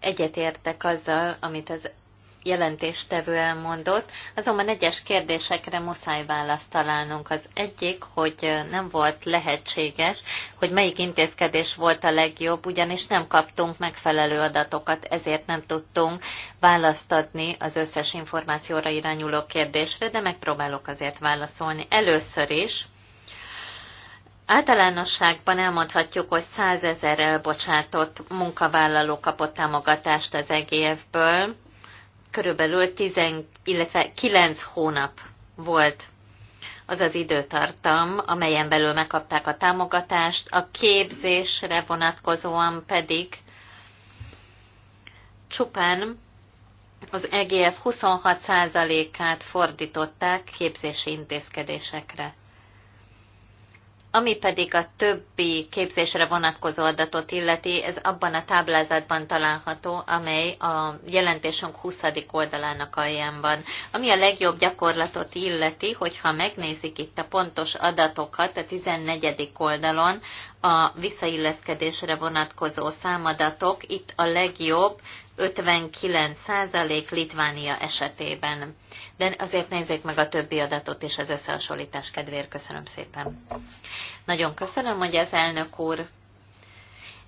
Egyetértek azzal, amit az jelentéstevő elmondott, azonban egyes kérdésekre muszáj választ találnunk. Az egyik, hogy nem volt lehetséges, hogy melyik intézkedés volt a legjobb, ugyanis nem kaptunk megfelelő adatokat, ezért nem tudtunk választ adni az összes információra irányuló kérdésre, de megpróbálok azért válaszolni. Először is, Általánosságban elmondhatjuk, hogy százezer elbocsátott munkavállaló kapott támogatást az EGF-ből, körülbelül 10, illetve 9 hónap volt az az időtartam, amelyen belül megkapták a támogatást, a képzésre vonatkozóan pedig csupán az EGF 26%-át fordították képzési intézkedésekre. Ami pedig a többi képzésre vonatkozó adatot illeti, ez abban a táblázatban található, amely a jelentésünk 20. oldalának alján van. Ami a legjobb gyakorlatot illeti, hogyha megnézik itt a pontos adatokat a 14. oldalon, a visszailleszkedésre vonatkozó számadatok, itt a legjobb 59% Litvánia esetében de azért nézzék meg a többi adatot és az összehasonlítás kedvéért. Köszönöm szépen. Nagyon köszönöm, hogy az elnök úr.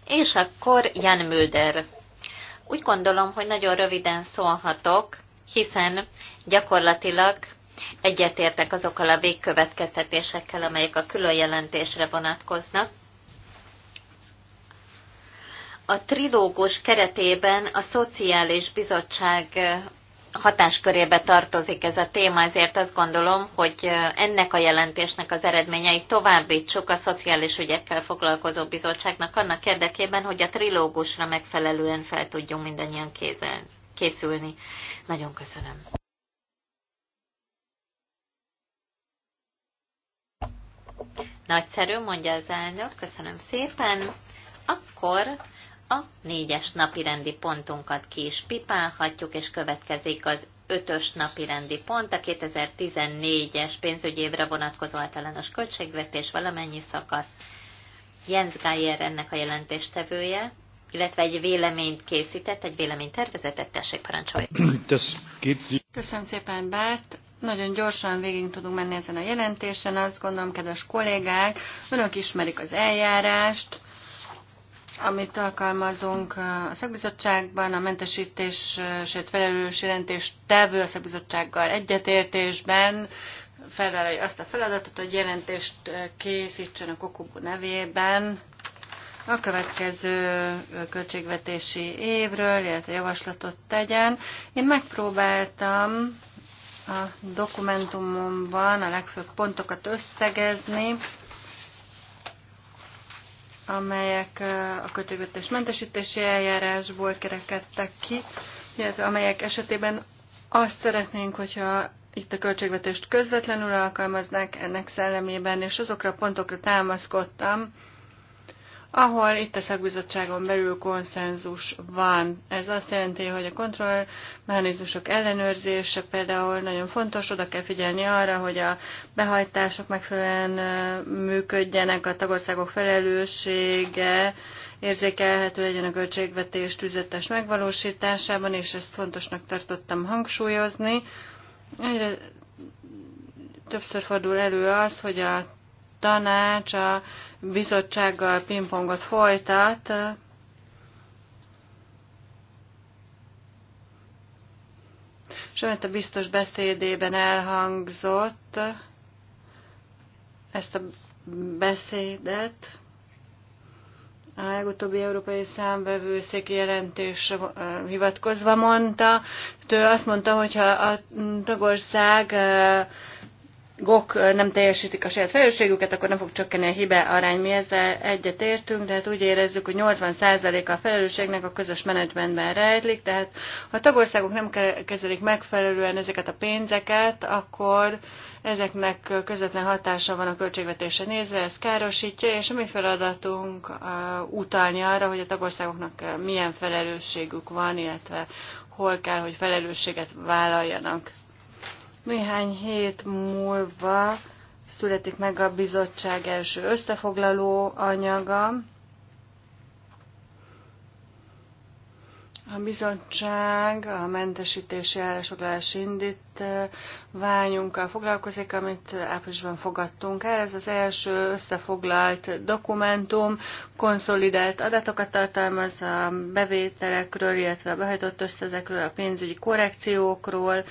És akkor Jan Mülder. Úgy gondolom, hogy nagyon röviden szólhatok, hiszen gyakorlatilag egyetértek azokkal a végkövetkeztetésekkel, amelyek a külön jelentésre vonatkoznak. A trilógus keretében a Szociális Bizottság hatáskörébe tartozik ez a téma, ezért azt gondolom, hogy ennek a jelentésnek az eredményei továbbítsuk a Szociális Ügyekkel Foglalkozó Bizottságnak annak érdekében, hogy a trilógusra megfelelően fel tudjunk mindannyian kézen készülni. Nagyon köszönöm. Nagyszerű, mondja az elnök, köszönöm szépen. Akkor a négyes napi rendi pontunkat ki is pipálhatjuk, és következik az ötös napi rendi pont, a 2014-es pénzügyi évre vonatkozó általános költségvetés valamennyi szakasz. Jens Geyer ennek a jelentéstevője, illetve egy véleményt készített, egy véleménytervezetet, tessék parancsolj. Köszönöm szépen, Bárt. Nagyon gyorsan végig tudunk menni ezen a jelentésen. Azt gondolom, kedves kollégák, önök ismerik az eljárást, amit alkalmazunk a szakbizottságban, a sőt felelős jelentést tevő a szakbizottsággal egyetértésben felvállalja azt a feladatot, hogy jelentést készítsen a Kokubu nevében a következő költségvetési évről, illetve javaslatot tegyen. Én megpróbáltam a dokumentumomban a legfőbb pontokat összegezni, amelyek a költségvetés mentesítési eljárásból kerekedtek ki, illetve amelyek esetében azt szeretnénk, hogyha itt a költségvetést közvetlenül alkalmaznák ennek szellemében, és azokra a pontokra támaszkodtam, ahol itt a szakbizottságon belül konszenzus van. Ez azt jelenti, hogy a kontrollmechanizmusok ellenőrzése például nagyon fontos, oda kell figyelni arra, hogy a behajtások megfelelően működjenek, a tagországok felelőssége, érzékelhető legyen a költségvetés tüzetes megvalósításában, és ezt fontosnak tartottam hangsúlyozni. Egyre többször fordul elő az, hogy a tanács a bizottsággal pingpongot folytat, és amit a biztos beszédében elhangzott, ezt a beszédet, a legutóbbi európai számvevőszéki jelentésre hivatkozva mondta, ő azt mondta, hogy ha a tagország gok nem teljesítik a saját felelősségüket, akkor nem fog csökkenni a hibe arány. Mi ezzel egyetértünk, de hát úgy érezzük, hogy 80%-a a felelősségnek a közös menedzsmentben rejlik, tehát ha a tagországok nem kezelik megfelelően ezeket a pénzeket, akkor ezeknek közvetlen hatása van a költségvetése nézve, ez károsítja, és a mi feladatunk utalni arra, hogy a tagországoknak milyen felelősségük van, illetve hol kell, hogy felelősséget vállaljanak. Néhány hét múlva születik meg a bizottság első összefoglaló anyaga. A bizottság a mentesítési indít ványunkkal foglalkozik, amit áprilisban fogadtunk el. Ez az első összefoglalt dokumentum, konszolidált adatokat tartalmaz a bevételekről, illetve a behajtott összezekről, a pénzügyi korrekciókról,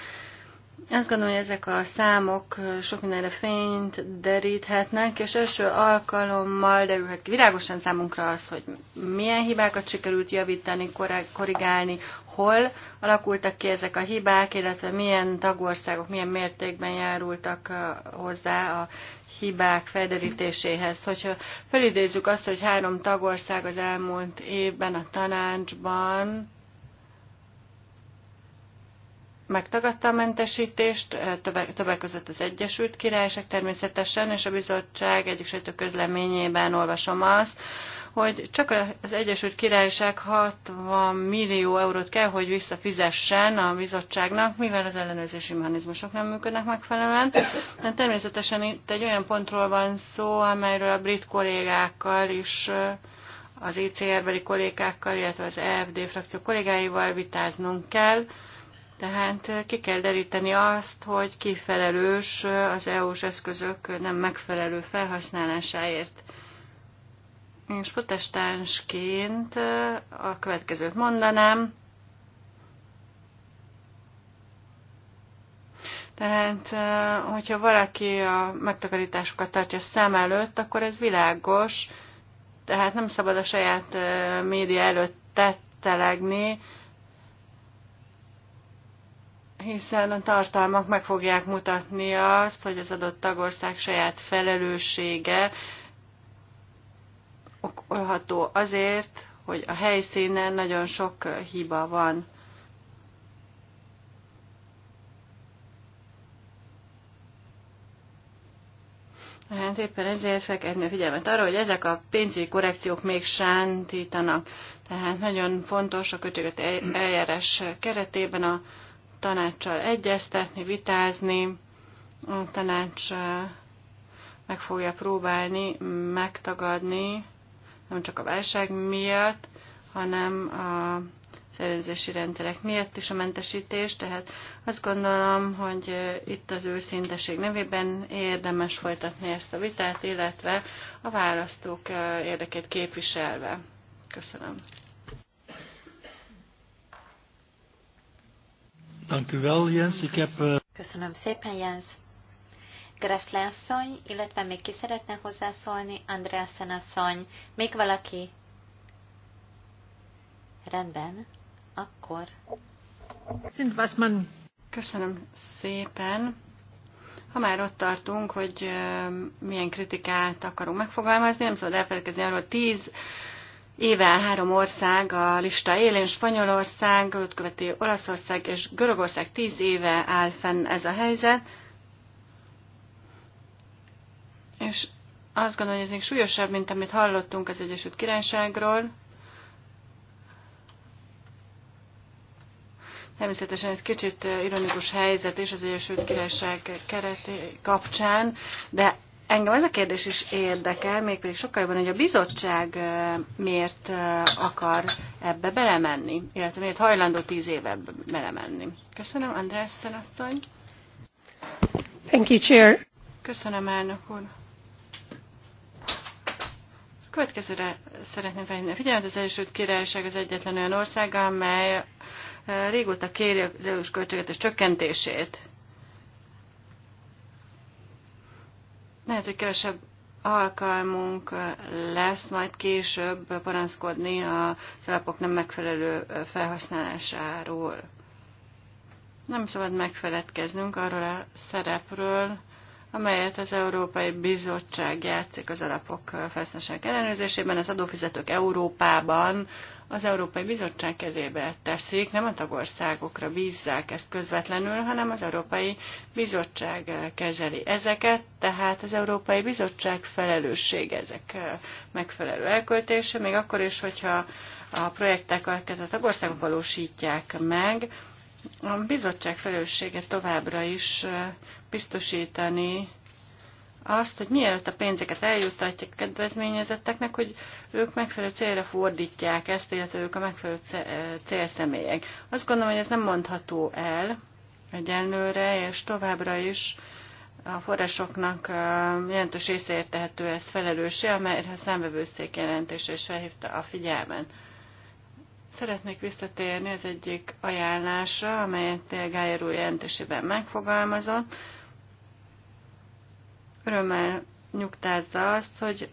azt gondolom, hogy ezek a számok sok mindenre fényt deríthetnek, és első alkalommal derülhet világosan számunkra az, hogy milyen hibákat sikerült javítani, korrigálni, hol alakultak ki ezek a hibák, illetve milyen tagországok milyen mértékben járultak hozzá a hibák felderítéséhez. Hogyha felidézzük azt, hogy három tagország az elmúlt évben a tanácsban megtagadta a mentesítést, többek között az Egyesült Királyság természetesen, és a bizottság egyik sejtő közleményében olvasom azt, hogy csak az Egyesült Királyság 60 millió eurót kell, hogy visszafizessen a bizottságnak, mivel az ellenőrzési mechanizmusok nem működnek megfelelően. De természetesen itt egy olyan pontról van szó, amelyről a brit kollégákkal is az ICR-beli e kollégákkal, illetve az EFD frakció kollégáival vitáznunk kell, tehát eh, ki kell deríteni azt, hogy ki felelős eh, az EU-s eszközök nem megfelelő felhasználásáért. És protestánsként eh, a következőt mondanám. Tehát, hogyha valaki a megtakarításokat tartja szem előtt, akkor ez világos, tehát nem szabad a saját média előtt tettelegni, hiszen a tartalmak meg fogják mutatni azt, hogy az adott tagország saját felelőssége okolható azért, hogy a helyszínen nagyon sok hiba van. Hát éppen ezért fel kell a figyelmet arra, hogy ezek a pénzügyi korrekciók még sántítanak. Tehát nagyon fontos a költséget eljárás keretében a tanácssal egyeztetni, vitázni, a tanács meg fogja próbálni megtagadni, nem csak a válság miatt, hanem a szervezési rendszerek miatt is a mentesítés, tehát azt gondolom, hogy itt az őszinteség nevében érdemes folytatni ezt a vitát, illetve a választók érdekét képviselve. Köszönöm. Dank u wel, Jens. Ik heb, uh... Köszönöm szépen, Jens. Gressle asszony, illetve még ki szeretne hozzászólni? Andreasen asszony, még valaki? Rendben, akkor. Köszönöm szépen. Ha már ott tartunk, hogy eh, milyen kritikát akarunk megfogalmazni, nem szabad elfelelkezni arról, hogy tíz ével három ország a lista élén, Spanyolország, őt követi Olaszország és Görögország tíz éve áll fenn ez a helyzet. És azt gondolom, hogy ez még súlyosabb, mint amit hallottunk az Egyesült Királyságról. Természetesen egy kicsit eh, ironikus helyzet és az Egyesült Királyság kereté kapcsán, de Engem ez a kérdés is érdekel, mégpedig sokkal jobban, hogy a bizottság miért akar ebbe belemenni, illetve miért hajlandó tíz éve belemenni. Köszönöm, András Szenasszony. Thank you, Chair. Köszönöm, elnök úr. Következőre szeretném felhívni a figyelmet, az Egyesült Királyság az egyetlen olyan ország, amely régóta kéri az EU-s költségvetés csökkentését. Lehet, hogy kevesebb alkalmunk lesz majd később panaszkodni a felapok nem megfelelő felhasználásáról. Nem szabad megfeledkeznünk arról a szerepről, amelyet az Európai Bizottság játszik az alapok felhasználásának ellenőrzésében, az adófizetők Európában az Európai Bizottság kezébe teszik, nem a tagországokra bízzák ezt közvetlenül, hanem az Európai Bizottság kezeli ezeket, tehát az Európai Bizottság felelősség ezek megfelelő elköltése, még akkor is, hogyha a projekteket a tagországok valósítják meg, a bizottság felelőssége továbbra is biztosítani azt, hogy mielőtt a pénzeket eljutatják a kedvezményezetteknek, hogy ők megfelelő célra fordítják ezt, illetve ők a megfelelő célszemélyek. Azt gondolom, hogy ez nem mondható el egyenlőre, és továbbra is a forrásoknak jelentős része értehető ez felelőssé, amelyre a számvevőszék jelentése is felhívta a figyelmet. Szeretnék visszatérni az egyik ajánlásra, amelyet Gájer úr jelentésében megfogalmazott. Örömmel nyugtázza azt, hogy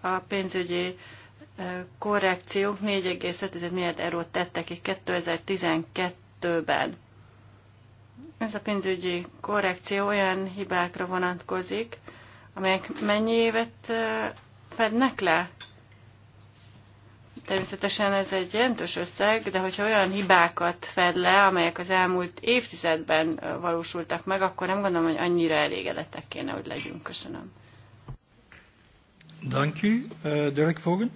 a pénzügyi korrekciók 4,5 milliárd eurót tettek ki 2012-ben. Ez a pénzügyi korrekció olyan hibákra vonatkozik, amelyek mennyi évet fednek le? Természetesen ez egy jelentős összeg, de hogyha olyan hibákat fed le, amelyek az elmúlt évtizedben valósultak meg, akkor nem gondolom, hogy annyira elégedettek kéne, hogy legyünk. Köszönöm. Danki, eh, Derek Fogan.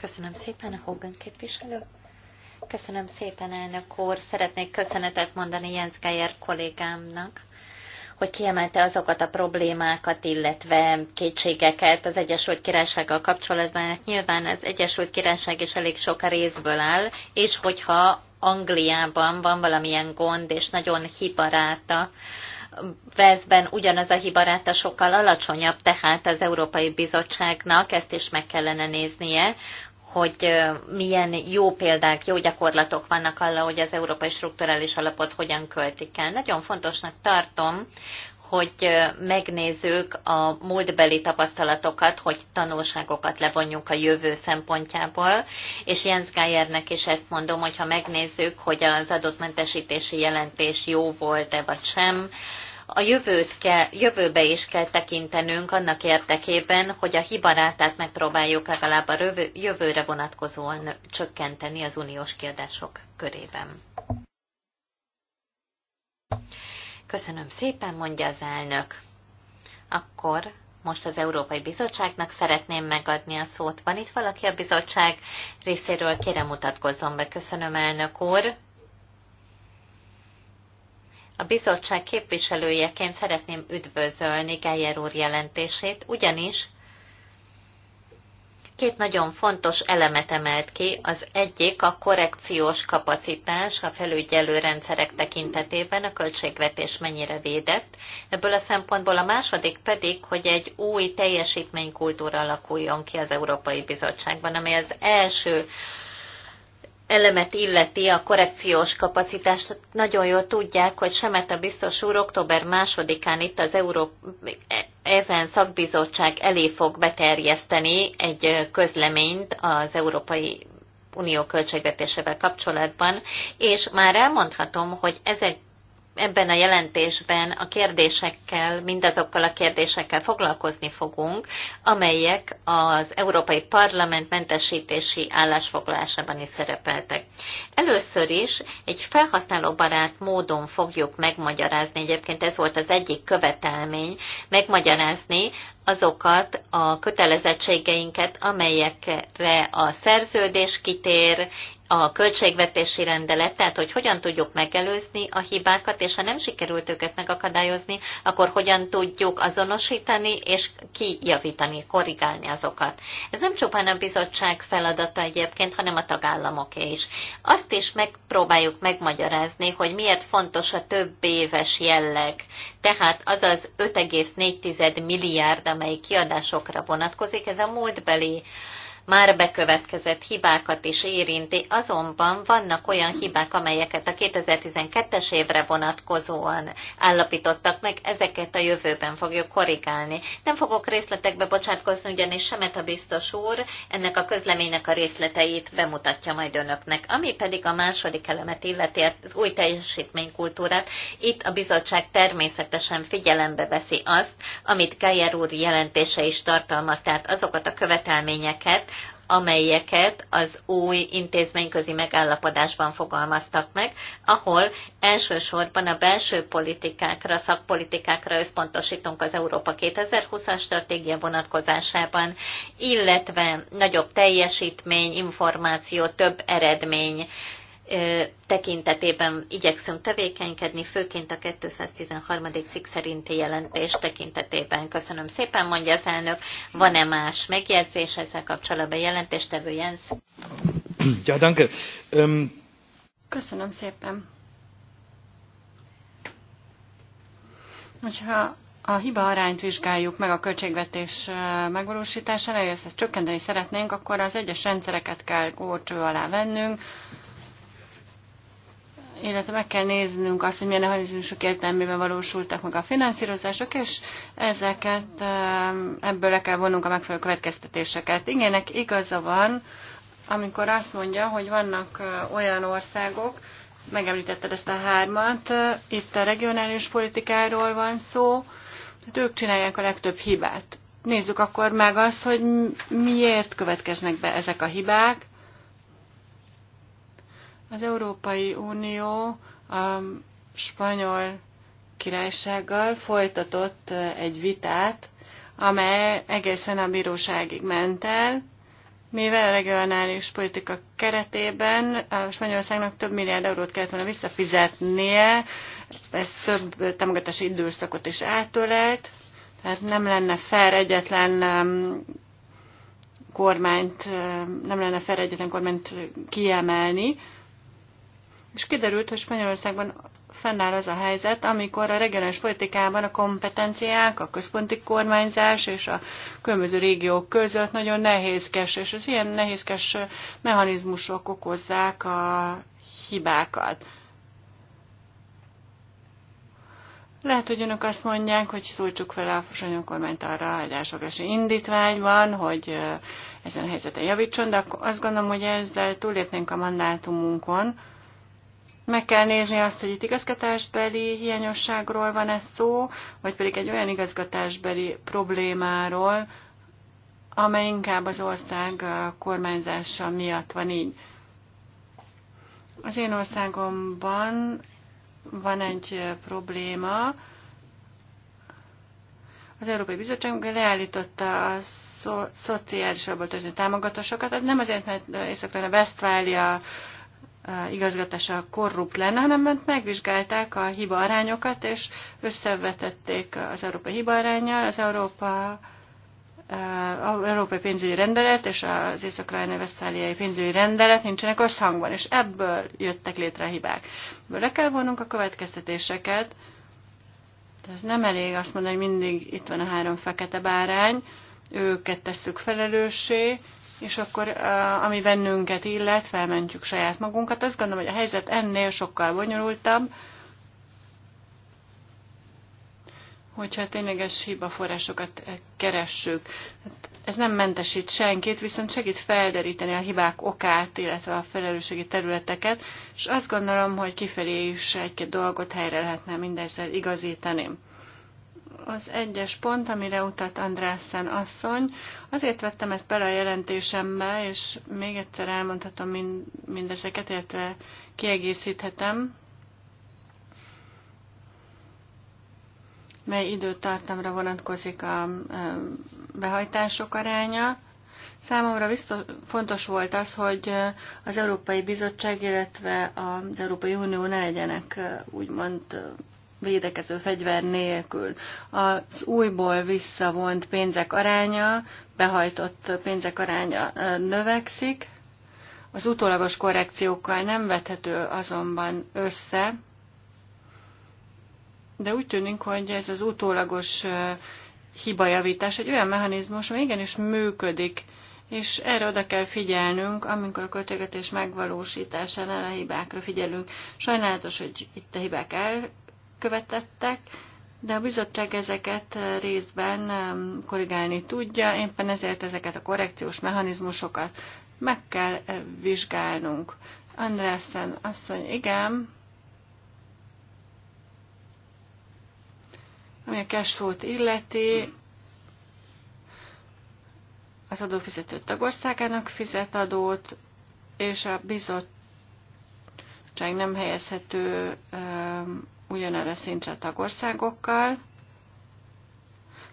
Köszönöm szépen, a Hogan képviselő. Köszönöm szépen, elnök úr. Szeretnék köszönetet mondani Jens Geyer kollégámnak hogy kiemelte azokat a problémákat, illetve kétségeket az Egyesült Királysággal kapcsolatban. Hát nyilván az Egyesült Királyság is elég sok részből áll, és hogyha Angliában van valamilyen gond, és nagyon hibaráta, Veszben ugyanaz a hibaráta sokkal alacsonyabb, tehát az Európai Bizottságnak ezt is meg kellene néznie, hogy milyen jó példák, jó gyakorlatok vannak arra, hogy az európai strukturális alapot hogyan költik el. Nagyon fontosnak tartom, hogy megnézzük a múltbeli tapasztalatokat, hogy tanulságokat levonjunk a jövő szempontjából, és Jens Geiernek is ezt mondom, hogy ha megnézzük, hogy az adott mentesítési jelentés jó volt-e vagy sem, a jövőt kell, jövőbe is kell tekintenünk annak érdekében, hogy a hibarátát megpróbáljuk legalább a jövőre vonatkozóan csökkenteni az uniós kiadások körében. Köszönöm szépen, mondja az elnök. Akkor most az Európai Bizottságnak szeretném megadni a szót. Van itt valaki a bizottság részéről? Kérem mutatkozzon be. Köszönöm, elnök úr. A bizottság képviselőjeként szeretném üdvözölni Geyer úr jelentését, ugyanis két nagyon fontos elemet emelt ki. Az egyik a korrekciós kapacitás a felügyelő rendszerek tekintetében, a költségvetés mennyire védett. Ebből a szempontból a második pedig, hogy egy új teljesítménykultúra alakuljon ki az Európai Bizottságban, amely az első elemet illeti a korrekciós kapacitást, hát nagyon jól tudják, hogy Semeta biztos úr október másodikán itt az Euró... ezen szakbizottság elé fog beterjeszteni egy közleményt az Európai Unió költségvetésével kapcsolatban, és már elmondhatom, hogy ezek ebben a jelentésben a kérdésekkel, mindazokkal a kérdésekkel foglalkozni fogunk, amelyek az Európai Parlament mentesítési állásfoglalásában is szerepeltek. Először is egy felhasználóbarát módon fogjuk megmagyarázni, egyébként ez volt az egyik követelmény, megmagyarázni azokat a kötelezettségeinket, amelyekre a szerződés kitér, a költségvetési rendelet, tehát hogy hogyan tudjuk megelőzni a hibákat, és ha nem sikerült őket megakadályozni, akkor hogyan tudjuk azonosítani és kijavítani, korrigálni azokat. Ez nem csupán a bizottság feladata egyébként, hanem a tagállamoké is. Azt is megpróbáljuk megmagyarázni, hogy miért fontos a több éves jelleg, tehát az az 5,4 milliárd, amely kiadásokra vonatkozik, ez a múltbeli uh, már bekövetkezett hibákat is érinti, azonban vannak olyan hibák, amelyeket a 2012-es évre vonatkozóan állapítottak meg, ezeket a jövőben fogjuk korrigálni. Nem fogok részletekbe bocsátkozni, ugyanis semet a biztos úr ennek a közleménynek a részleteit bemutatja majd önöknek. Ami pedig a második elemet illeti az új teljesítménykultúrát, itt a bizottság természetesen figyelembe veszi azt, amit Geyer úr jelentése is tartalmaz, tehát azokat a követelményeket, amelyeket az új intézményközi megállapodásban fogalmaztak meg, ahol elsősorban a belső politikákra, szakpolitikákra összpontosítunk az Európa 2020-as stratégia vonatkozásában, illetve nagyobb teljesítmény, információ, több eredmény tekintetében igyekszünk tevékenykedni, főként a 213. cikk szerinti jelentés tekintetében. Köszönöm szépen, mondja az elnök. Van-e más megjegyzés ezzel kapcsolatban jelentéstevő Jens? Ja, danke. Um... Köszönöm szépen. Hogyha a hiba arányt vizsgáljuk meg a költségvetés megvalósításánál, és ezt csökkenteni szeretnénk, akkor az egyes rendszereket kell górcső alá vennünk, illetve meg kell néznünk azt, hogy milyen mechanizmusok értelmében valósultak meg a finanszírozások, és ezeket ebből le kell vonnunk a megfelelő következtetéseket. Igenek igaza van, amikor azt mondja, hogy vannak olyan országok, megemlítetted ezt a hármat, itt a regionális politikáról van szó, tehát ők csinálják a legtöbb hibát. Nézzük akkor meg azt, hogy miért következnek be ezek a hibák, az Európai Unió a spanyol királysággal folytatott egy vitát, amely egészen a bíróságig ment el, mivel a regionális politika keretében a Spanyolországnak több milliárd eurót kellett volna visszafizetnie, ez több támogatási időszakot is átölelt, tehát nem lenne fel egyetlen kormányt, nem lenne fel egyetlen kormányt kiemelni és kiderült, hogy Spanyolországban fennáll az a helyzet, amikor a regionális politikában a kompetenciák, a központi kormányzás és a különböző régiók között nagyon nehézkes, és az ilyen nehézkes mechanizmusok okozzák a hibákat. Lehet, hogy önök azt mondják, hogy szóltsuk fel a Sanyom kormányt arra egy elsőgási van, hogy ezen a helyzeten javítson, de azt gondolom, hogy ezzel túllépnénk a mandátumunkon, meg kell nézni azt, hogy itt igazgatásbeli hiányosságról van ez szó, vagy pedig egy olyan igazgatásbeli problémáról, amely inkább az ország kormányzása miatt van így. Az én országomban van egy probléma. Az Európai Bizottság leállította a szo szociális abból támogatásokat, tehát Nem azért, mert észak a Westfália igazgatása korrupt lenne, hanem mert megvizsgálták a hibaarányokat, és összevetették az európai hibaarányjal, az Európa eh, Európai Pénzügyi Rendelet és az észak vesztáliai Pénzügyi Rendelet nincsenek összhangban, és ebből jöttek létre a hibák. Ebből le kell vonnunk a következtetéseket. Ez nem elég azt mondani, hogy mindig itt van a három fekete bárány, őket tesszük felelőssé, és akkor eh, ami bennünket illet, felmentjük saját magunkat. Azt gondolom, hogy a helyzet ennél sokkal bonyolultabb, hogyha tényleges hibaforrásokat eh, keressük. Hát ez nem mentesít senkit, viszont segít felderíteni a hibák okát, illetve a felelősségi területeket, és azt gondolom, hogy kifelé is egy-két dolgot helyre lehetne mindezzel igazítani az egyes pont, amire utat Andrászen asszony. Azért vettem ezt bele a jelentésembe, és még egyszer elmondhatom mind, mindezeket, illetve kiegészíthetem, mely időtartamra vonatkozik a e, behajtások aránya. Számomra biztos, fontos volt az, hogy az Európai Bizottság, illetve az Európai Unió ne legyenek e, úgymond e, védekező fegyver nélkül. Az újból visszavont pénzek aránya, behajtott pénzek aránya növekszik, az utólagos korrekciókkal nem vethető azonban össze, de úgy tűnik, hogy ez az utólagos hibajavítás egy olyan mechanizmus, ami igenis működik, és erre oda kell figyelnünk, amikor a költségvetés megvalósításánál a hibákra figyelünk. Sajnálatos, hogy itt a hibák el követettek, de a bizottság ezeket eh, részben korrigálni tudja, éppen ezért ezeket a korrekciós mechanizmusokat meg kell eh, vizsgálnunk. Andrásen mondja, igen, ami a cashflow-t illeti, az adófizető tagországának fizet adót, és a bizottság nem helyezhető ugyanerre szintre tagországokkal,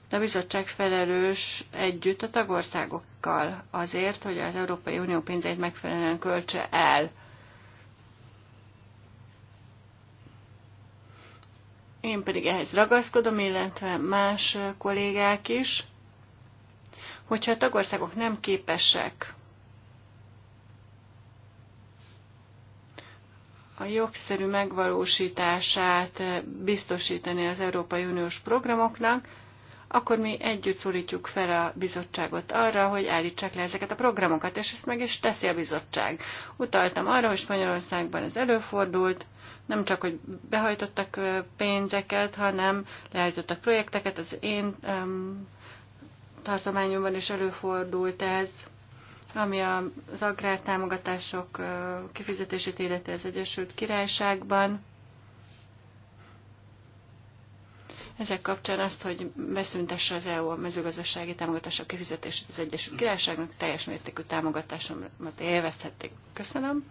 de a bizottság felelős együtt a tagországokkal azért, hogy az Európai Unió pénzeit megfelelően költse el. Én pedig ehhez ragaszkodom, illetve más kollégák is, hogyha a tagországok nem képesek a jogszerű megvalósítását biztosítani az Európai Uniós programoknak, akkor mi együtt szólítjuk fel a bizottságot arra, hogy állítsák le ezeket a programokat, és ezt meg is teszi a bizottság. Utaltam arra, hogy Spanyolországban ez előfordult, nem csak, hogy behajtottak pénzeket, hanem leállítottak projekteket, az én um, tartományomban is előfordult ez ami az agrártámogatások kifizetését illeti az Egyesült Királyságban. Ezek kapcsán azt, hogy beszüntesse az EU a mezőgazdasági támogatások kifizetését az Egyesült Királyságnak, teljes mértékű támogatásomat élvezhették. Köszönöm.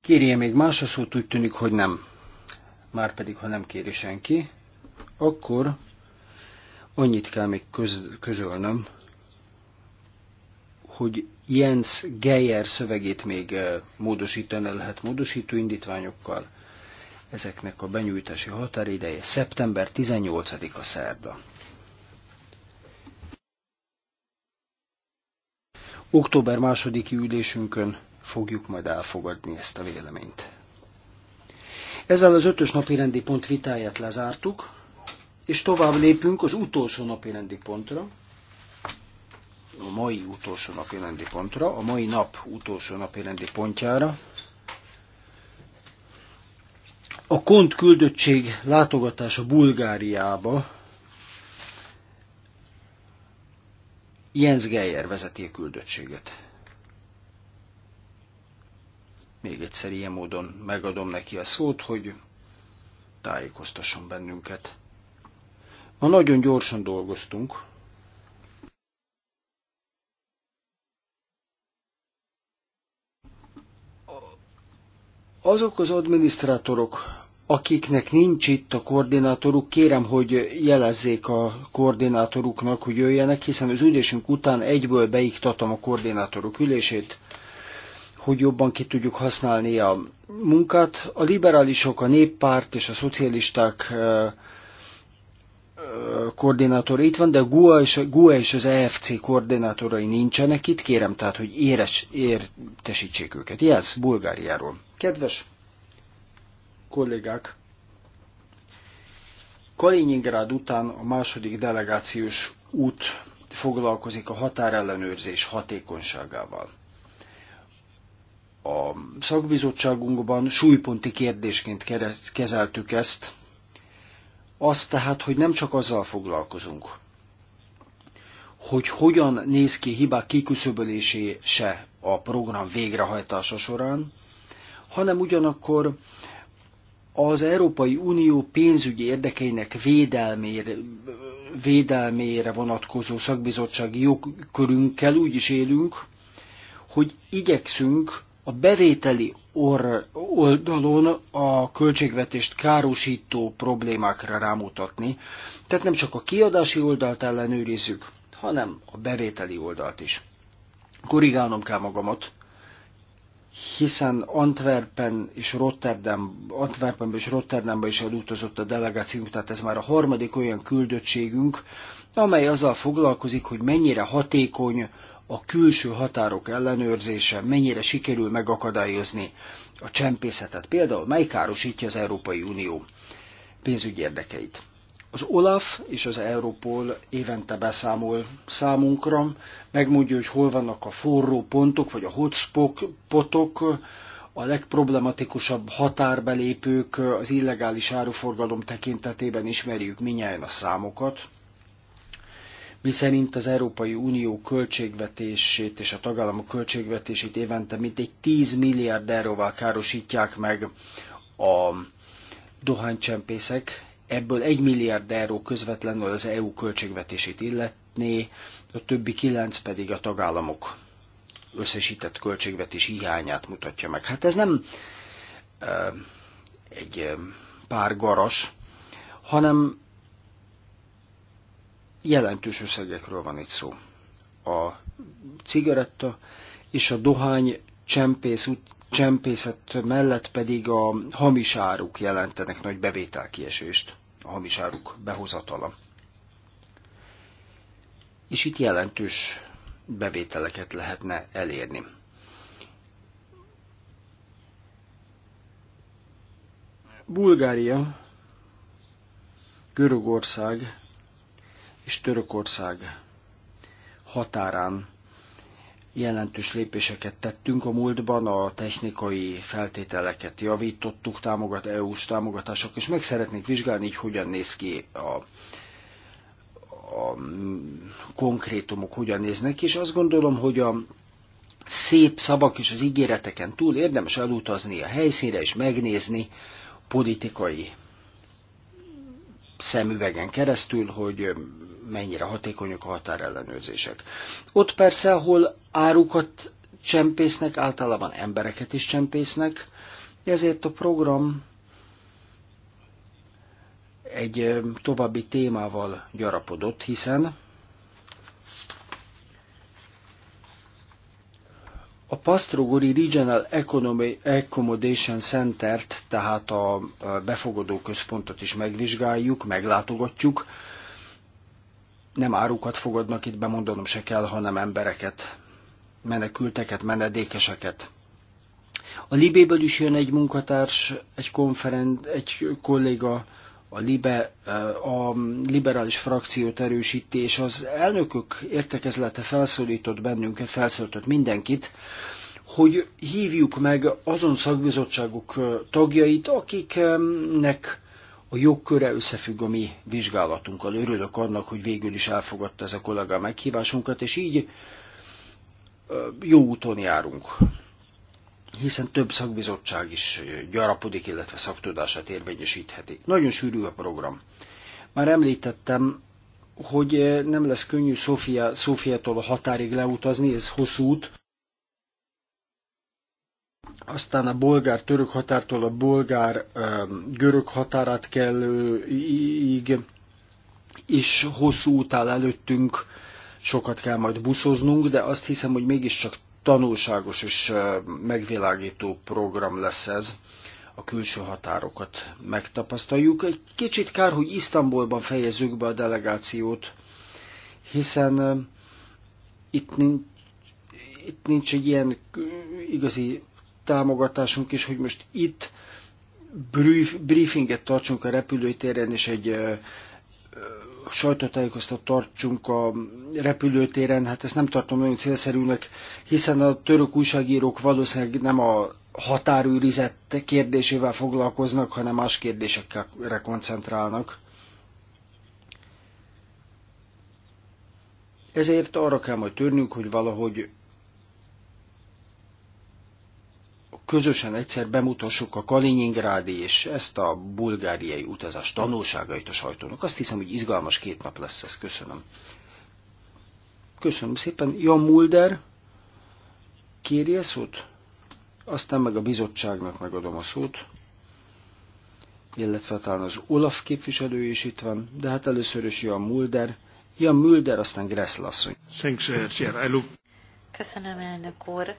Kérje még más a szót, úgy tűnik, hogy nem. Márpedig, ha nem kéri senki, akkor annyit kell még köz- közölnöm, hogy Jens Geyer szövegét még módosítani lehet módosító indítványokkal. Ezeknek a benyújtási határideje szeptember 18-a szerda. Október másodiki ülésünkön fogjuk majd elfogadni ezt a véleményt. Ezzel az ötös napi rendi pont vitáját lezártuk, és tovább lépünk az utolsó napi rendi pontra, a mai utolsó napi pontra, a mai nap utolsó napi pontjára. A kont küldöttség látogatása Bulgáriába Jens Geyer vezeti a küldöttséget. Még egyszer ilyen módon megadom neki a szót, hogy tájékoztasson bennünket. Ma nagyon gyorsan dolgoztunk, Azok az adminisztrátorok, akiknek nincs itt a koordinátoruk, kérem, hogy jelezzék a koordinátoruknak, hogy jöjjenek, hiszen az ülésünk után egyből beiktatom a koordinátorok ülését, hogy jobban ki tudjuk használni a munkát. A liberálisok, a néppárt és a szocialisták eh, koordinátor itt van, de GUA és, GUA és az EFC koordinátorai nincsenek itt, kérem tehát, hogy éres, értesítsék őket. Jelsz, Bulgáriáról. Kedves kollégák, Kaliningrád után a második delegációs út foglalkozik a határellenőrzés hatékonyságával. A szakbizottságunkban súlyponti kérdésként kezeltük ezt, az tehát, hogy nem csak azzal foglalkozunk, hogy hogyan néz ki hibák kiküszöbölése a program végrehajtása során, hanem ugyanakkor az Európai Unió pénzügyi érdekeinek védelmére, védelmére vonatkozó szakbizottsági jogkörünkkel úgy is élünk, hogy igyekszünk a bevételi or- oldalon a költségvetést károsító problémákra rámutatni, tehát nem csak a kiadási oldalt ellenőrizzük, hanem a bevételi oldalt is. Korrigálnom kell magamat, hiszen Antwerpen és Rotterdam, Antwerpenben és Rotterdamban is elutazott a delegációnk, tehát ez már a harmadik olyan küldöttségünk, amely azzal foglalkozik, hogy mennyire hatékony a külső határok ellenőrzése mennyire sikerül megakadályozni a csempészetet, például mely károsítja az Európai Unió pénzügyi érdekeit. Az OLAF és az Európol évente beszámol számunkra, megmondja, hogy hol vannak a forró pontok, vagy a hotspotok, a legproblematikusabb határbelépők az illegális áruforgalom tekintetében ismerjük minnyáján a számokat, miszerint az Európai Unió költségvetését és a tagállamok költségvetését évente mintegy 10 milliárd euróval károsítják meg a dohánycsempészek, ebből 1 milliárd euró közvetlenül az EU költségvetését illetné, a többi 9 pedig a tagállamok összesített költségvetés hiányát mutatja meg. Hát ez nem egy pár garas, hanem jelentős összegekről van itt szó. A cigaretta és a dohány csempész, csempészet mellett pedig a áruk jelentenek nagy bevételkiesést, a áruk behozatala. És itt jelentős bevételeket lehetne elérni. Bulgária, Görögország és Törökország határán jelentős lépéseket tettünk a múltban, a technikai feltételeket javítottuk, támogat EU-s támogatások, és meg szeretnék vizsgálni, hogy hogyan néz ki a, a konkrétumok hogyan néznek, és azt gondolom, hogy a szép szavak és az ígéreteken túl érdemes elutazni a helyszínre és megnézni politikai szemüvegen keresztül, hogy mennyire hatékonyak a határellenőrzések. Ott persze, ahol árukat csempésznek, általában embereket is csempésznek, ezért a program egy további témával gyarapodott, hiszen A pastrogori Regional Economy Accommodation Center-t, tehát a befogadó központot is megvizsgáljuk, meglátogatjuk. Nem árukat fogadnak itt, bemondanom se kell, hanem embereket, menekülteket, menedékeseket. A Libéből is jön egy munkatárs, egy konferen, egy kolléga, a, libe, a liberális frakciót erősíti, és az elnökök értekezlete felszólított bennünket, felszólított mindenkit, hogy hívjuk meg azon szakbizottságok tagjait, akiknek a jogköre összefügg a mi vizsgálatunkkal. Örülök annak, hogy végül is elfogadta ez a kollega meghívásunkat, és így jó úton járunk hiszen több szakbizottság is gyarapodik, illetve szaktudását érvényesítheti. Nagyon sűrű a program. Már említettem, hogy nem lesz könnyű Szófia, Szófiától a határig leutazni, ez hosszú út. Aztán a bolgár-török határtól a bolgár-görög határát így is hosszú út áll előttünk, sokat kell majd buszoznunk, de azt hiszem, hogy mégiscsak tanulságos és megvilágító program lesz ez. A külső határokat megtapasztaljuk. Egy kicsit kár, hogy Isztambulban fejezzük be a delegációt, hiszen itt nincs, itt nincs egy ilyen igazi támogatásunk is, hogy most itt briefinget tartsunk a repülőtéren, és egy sajtótájékoztat tartsunk a repülőtéren, hát ezt nem tartom nagyon célszerűnek, hiszen a török újságírók valószínűleg nem a határőrizett kérdésével foglalkoznak, hanem más kérdésekre koncentrálnak. Ezért arra kell majd törnünk, hogy valahogy közösen egyszer bemutassuk a Kaliningrádi és ezt a bulgáriai utazás tanulságait a sajtónak. Azt hiszem, hogy izgalmas két nap lesz ez. Köszönöm. Köszönöm szépen. Jan Mulder kérje szót? Aztán meg a bizottságnak megadom a szót illetve talán az Olaf képviselő is itt van, de hát először is Jan Mulder, Jan Mulder, aztán Gressl asszony. Uh, Köszönöm, elnök úr.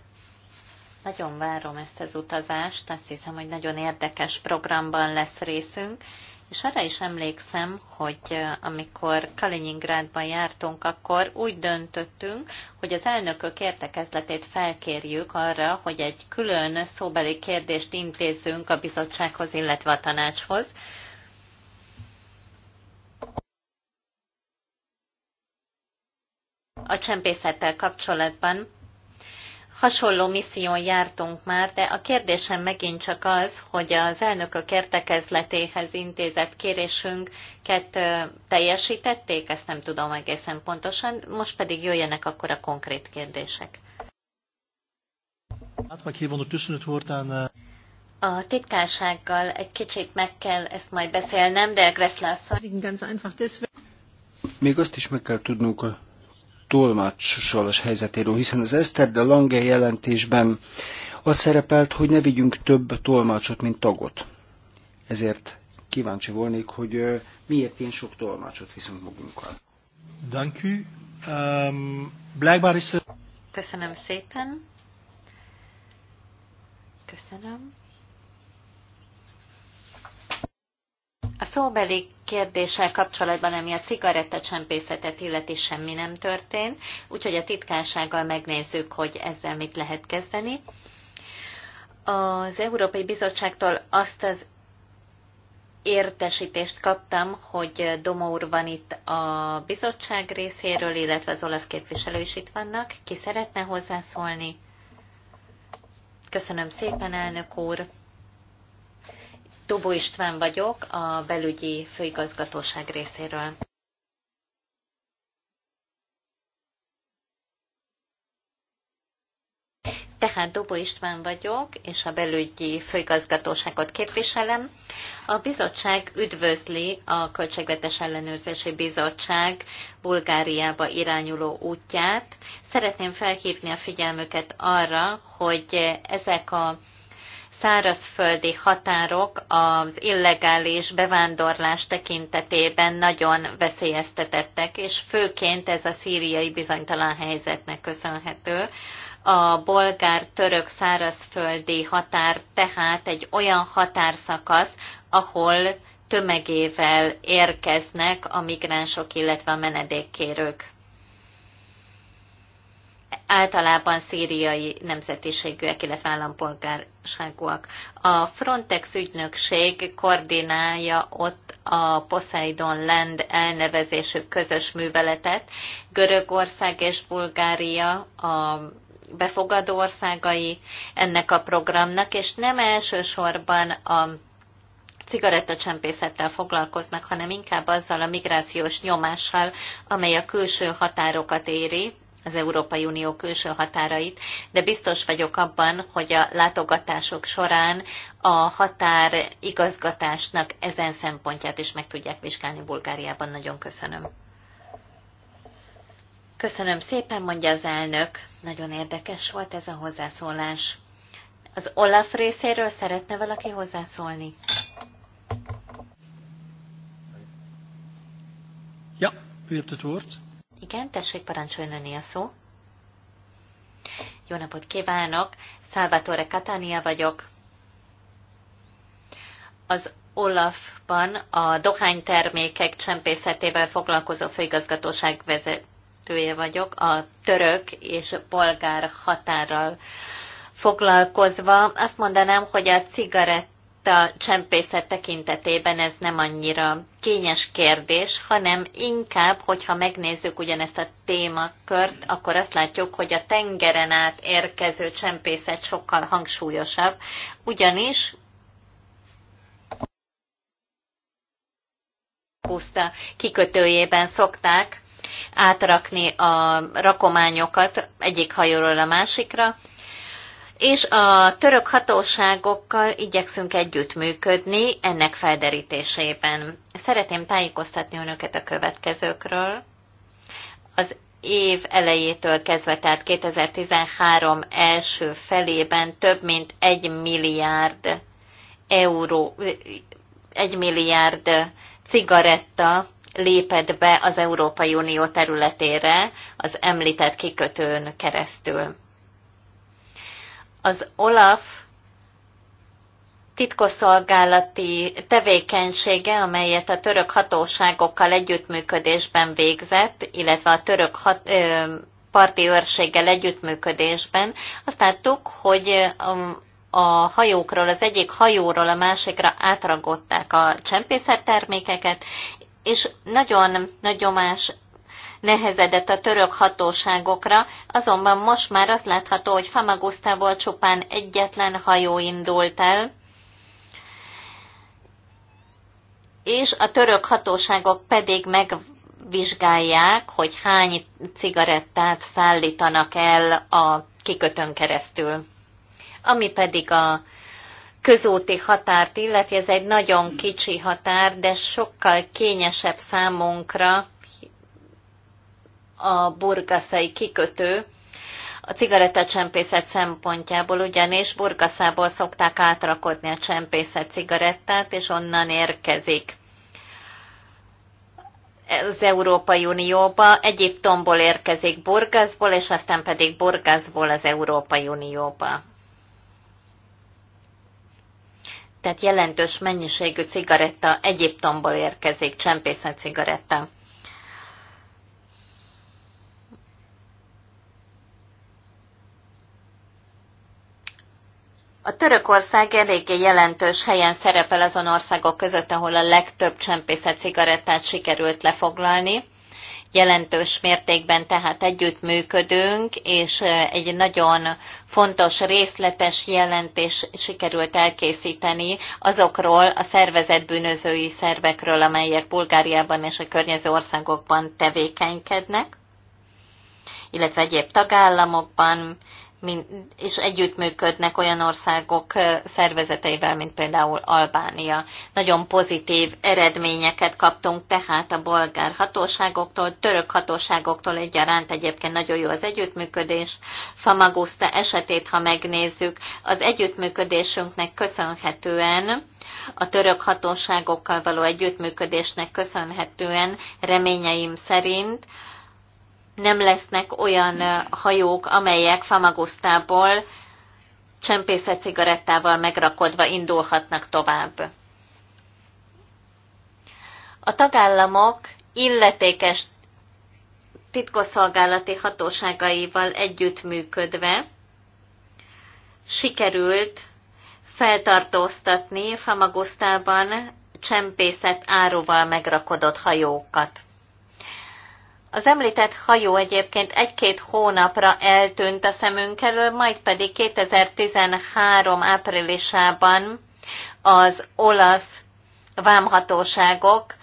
Nagyon várom ezt az utazást, azt hiszem, hogy nagyon érdekes programban lesz részünk, és arra is emlékszem, hogy amikor Kaliningrádban jártunk, akkor úgy döntöttünk, hogy az elnökök értekezletét felkérjük arra, hogy egy külön szóbeli kérdést intézzünk a bizottsághoz, illetve a tanácshoz, a csempészettel kapcsolatban, Hasonló misszión jártunk már, de a kérdésem megint csak az, hogy az elnökök értekezletéhez intézett kérésünket teljesítették, ezt nem tudom egészen pontosan, most pedig jöjjenek akkor a konkrét kérdések. Hát a titkársággal egy kicsit meg kell ezt majd beszélnem, de Gressler Még azt is meg kell tudnunk a tolmácsolás helyzetéről, hiszen az Eszter de Lange jelentésben az szerepelt, hogy ne vigyünk több tolmácsot, mint tagot. Ezért kíváncsi volnék, hogy miért én sok tolmácsot viszünk magunkkal. Um, Köszönöm szépen. Köszönöm. A szóbeli kérdéssel kapcsolatban, ami a cigarettacsempészetet illeti, semmi nem történt, úgyhogy a titkársággal megnézzük, hogy ezzel mit lehet kezdeni. Az Európai Bizottságtól azt az értesítést kaptam, hogy Doma úr van itt a bizottság részéről, illetve az Olaf képviselő is itt vannak. Ki szeretne hozzászólni? Köszönöm szépen, elnök úr! Tobó István vagyok, a belügyi főigazgatóság részéről. Tehát Dobó István vagyok, és a belügyi főigazgatóságot képviselem. A bizottság üdvözli a Költségvetés Ellenőrzési Bizottság Bulgáriába irányuló útját. Szeretném felhívni a figyelmüket arra, hogy ezek a szárazföldi határok az illegális bevándorlás tekintetében nagyon veszélyeztetettek, és főként ez a szíriai bizonytalan helyzetnek köszönhető. A bolgár-török szárazföldi határ tehát egy olyan határszakasz, ahol tömegével érkeznek a migránsok, illetve a menedékkérők általában szíriai nemzetiségűek, illetve állampolgárságúak. A Frontex ügynökség koordinálja ott a Poseidon Land elnevezésű közös műveletet. Görögország és Bulgária a befogadó országai ennek a programnak, és nem elsősorban a cigarettacsempészettel foglalkoznak, hanem inkább azzal a migrációs nyomással, amely a külső határokat éri, az Európai Unió külső határait, de biztos vagyok abban, hogy a látogatások során a határ igazgatásnak ezen szempontját is meg tudják vizsgálni Bulgáriában. Nagyon köszönöm. Köszönöm szépen, mondja az elnök. Nagyon érdekes volt ez a hozzászólás. Az Olaf részéről szeretne valaki hozzászólni? Ja, u hebt het woord. Igen, tessék, parancsoljon öné a szó. Jó napot kívánok! Salvatore Catania vagyok. Az Olafban a dohánytermékek csempészetével foglalkozó főigazgatóság vezetője vagyok, a török és bolgár határral foglalkozva. Azt mondanám, hogy a cigarett a csempészet tekintetében ez nem annyira kényes kérdés, hanem inkább, hogyha megnézzük ugyanezt a témakört, akkor azt látjuk, hogy a tengeren át érkező csempészet sokkal hangsúlyosabb, ugyanis Puszta kikötőjében szokták átrakni a rakományokat egyik hajóról a másikra, és a török hatóságokkal igyekszünk együttműködni ennek felderítésében. Szeretném tájékoztatni önöket a következőkről. Az év elejétől kezdve, tehát 2013 első felében több mint 1 milliárd euró, 1 milliárd cigaretta lépett be az Európai Unió területére az említett kikötőn keresztül. Az OLAF titkosszolgálati tevékenysége, amelyet a török hatóságokkal együttműködésben végzett, illetve a török hat, ö, parti őrséggel együttműködésben, azt láttuk, hogy um, a hajókról, az egyik hajóról a másikra átragották a csempészettermékeket, és nagyon nagy nyomás nehezedett a török hatóságokra, azonban most már az látható, hogy Famagusztából csupán egyetlen hajó indult el, és a török hatóságok pedig megvizsgálják, hogy hány cigarettát szállítanak el a kikötön keresztül. Ami pedig a közúti határt illeti, ez egy nagyon kicsi határ, de sokkal kényesebb számunkra, a burgaszai kikötő a cigarettacsempészet szempontjából, ugyanis burgaszából szokták átrakodni a csempészet cigarettát, és onnan érkezik az Európai Unióba, Egyiptomból érkezik Burgaszból, és aztán pedig Burgaszból az Európai Unióba. Tehát jelentős mennyiségű cigaretta Egyiptomból érkezik, csempészet cigaretta. A Törökország eléggé jelentős helyen szerepel azon országok között, ahol a legtöbb csempészet cigarettát sikerült lefoglalni. Jelentős mértékben tehát együttműködünk, és egy nagyon fontos részletes jelentés sikerült elkészíteni azokról a szervezett bűnözői szervekről, amelyek Bulgáriában és a környező országokban tevékenykednek, illetve egyéb tagállamokban, és együttműködnek olyan országok szervezeteivel, mint például Albánia. Nagyon pozitív eredményeket kaptunk tehát a bolgár hatóságoktól, török hatóságoktól egyaránt egyébként nagyon jó az együttműködés. Famagusta esetét, ha megnézzük, az együttműködésünknek köszönhetően a török hatóságokkal való együttműködésnek köszönhetően reményeim szerint nem lesznek olyan hajók, amelyek Famagusztából csempészet cigarettával megrakodva indulhatnak tovább. A tagállamok illetékes titkosszolgálati hatóságaival együttműködve sikerült feltartóztatni Famagusztában csempészet áruval megrakodott hajókat. Az említett hajó egyébként egy-két hónapra eltűnt a szemünk elől, majd pedig 2013 áprilisában az olasz vámhatóságok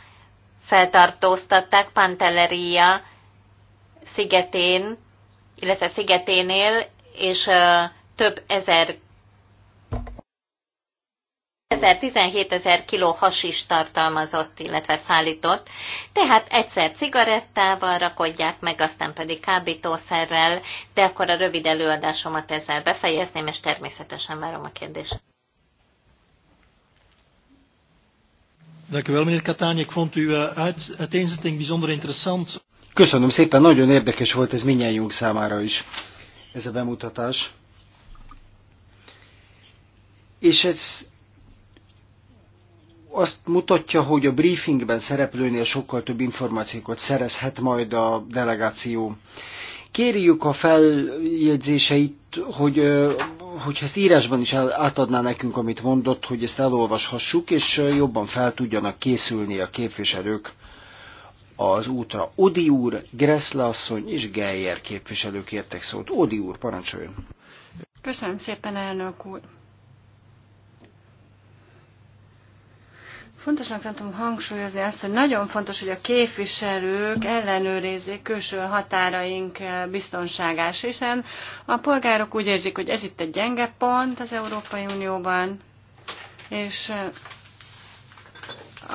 feltartóztatták Pantelleria szigetén, illetve szigeténél, és több ezer ezer 17 ezer kiló hasis is tartalmazott, illetve szállított, tehát egyszer cigarettával rakodják meg, aztán pedig kábítószerrel, de akkor a rövid előadásomat ezzel befejezném, és természetesen várom a kérdést. Dank u wel, meneer Ik vond uw eh, uiteenzetting bijzonder interessant. Köszönöm szépen, nagyon érdekes volt ez minnyájunk számára is, ez a bemutatás. És ez azt mutatja, hogy a briefingben szereplőnél sokkal több információkat szerezhet majd a delegáció. Kérjük a feljegyzéseit, hogy, hogy ezt írásban is átadná nekünk, amit mondott, hogy ezt elolvashassuk, és jobban fel tudjanak készülni a képviselők az útra. Odi úr, Gressle asszony és Geyer képviselők értek szót. Odi úr, parancsoljon! Köszönöm szépen, elnök úr! Fontosnak tartom hangsúlyozni azt, hogy nagyon fontos, hogy a képviselők ellenőrizzék külső határaink eh, biztonságát, hiszen a polgárok úgy érzik, hogy ez itt egy gyenge pont az Európai Unióban, és eh,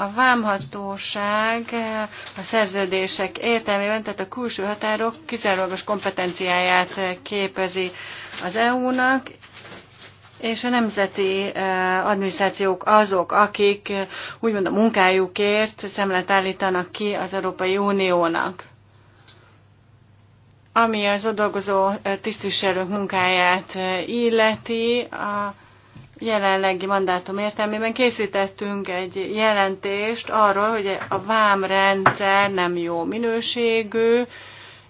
a vámhatóság eh, a szerződések értelmében, tehát a külső határok kizárólagos kompetenciáját képezi az EU-nak, és a nemzeti eh, adminisztrációk azok, akik eh, úgymond a munkájukért szemlet állítanak ki az Európai Uniónak. Ami az ott dolgozó eh, tisztviselők munkáját illeti, a jelenlegi mandátum értelmében készítettünk egy jelentést arról, hogy a vámrendszer nem jó minőségű,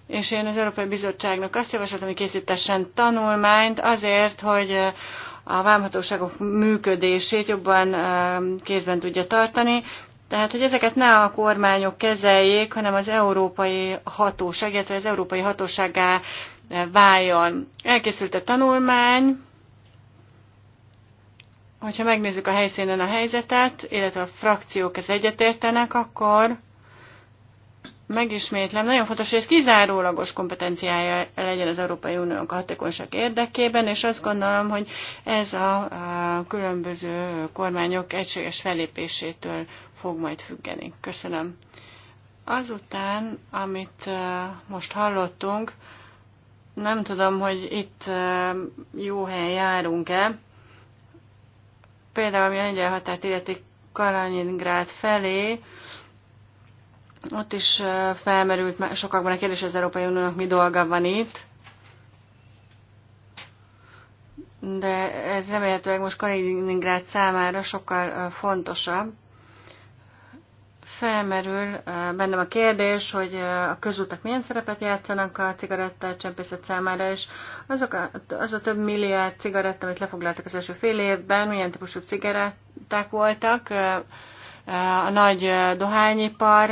és én az Európai Bizottságnak azt javasoltam, hogy készítessen tanulmányt azért, hogy a vámhatóságok működését jobban kézben tudja tartani, tehát, hogy ezeket ne a kormányok kezeljék, hanem az európai hatóság, illetve az európai hatóságá váljon. Elkészült a tanulmány, hogyha megnézzük a helyszínen a helyzetet, illetve a frakciók ez egyetértenek, akkor megismétlem, nagyon fontos, hogy ez kizárólagos kompetenciája legyen az Európai Uniónak a hatékonyság érdekében, és azt gondolom, hogy ez a, a különböző kormányok egységes felépésétől fog majd függeni. Köszönöm. Azután, amit most hallottunk, nem tudom, hogy itt jó helyen járunk-e. Például, ami a lengyel határt illeti Kalaningrád felé, ott is felmerült sokakban a kérdés, az Európai Uniónak mi dolga van itt. De ez remélhetőleg most Kaliningrád számára sokkal fontosabb. Felmerül bennem a kérdés, hogy a közútak milyen szerepet játszanak a cigaretta csempészet számára, és azok a, az a több milliárd cigaretta, amit lefoglaltak az első fél évben, milyen típusú cigaretták voltak, a nagy dohányipar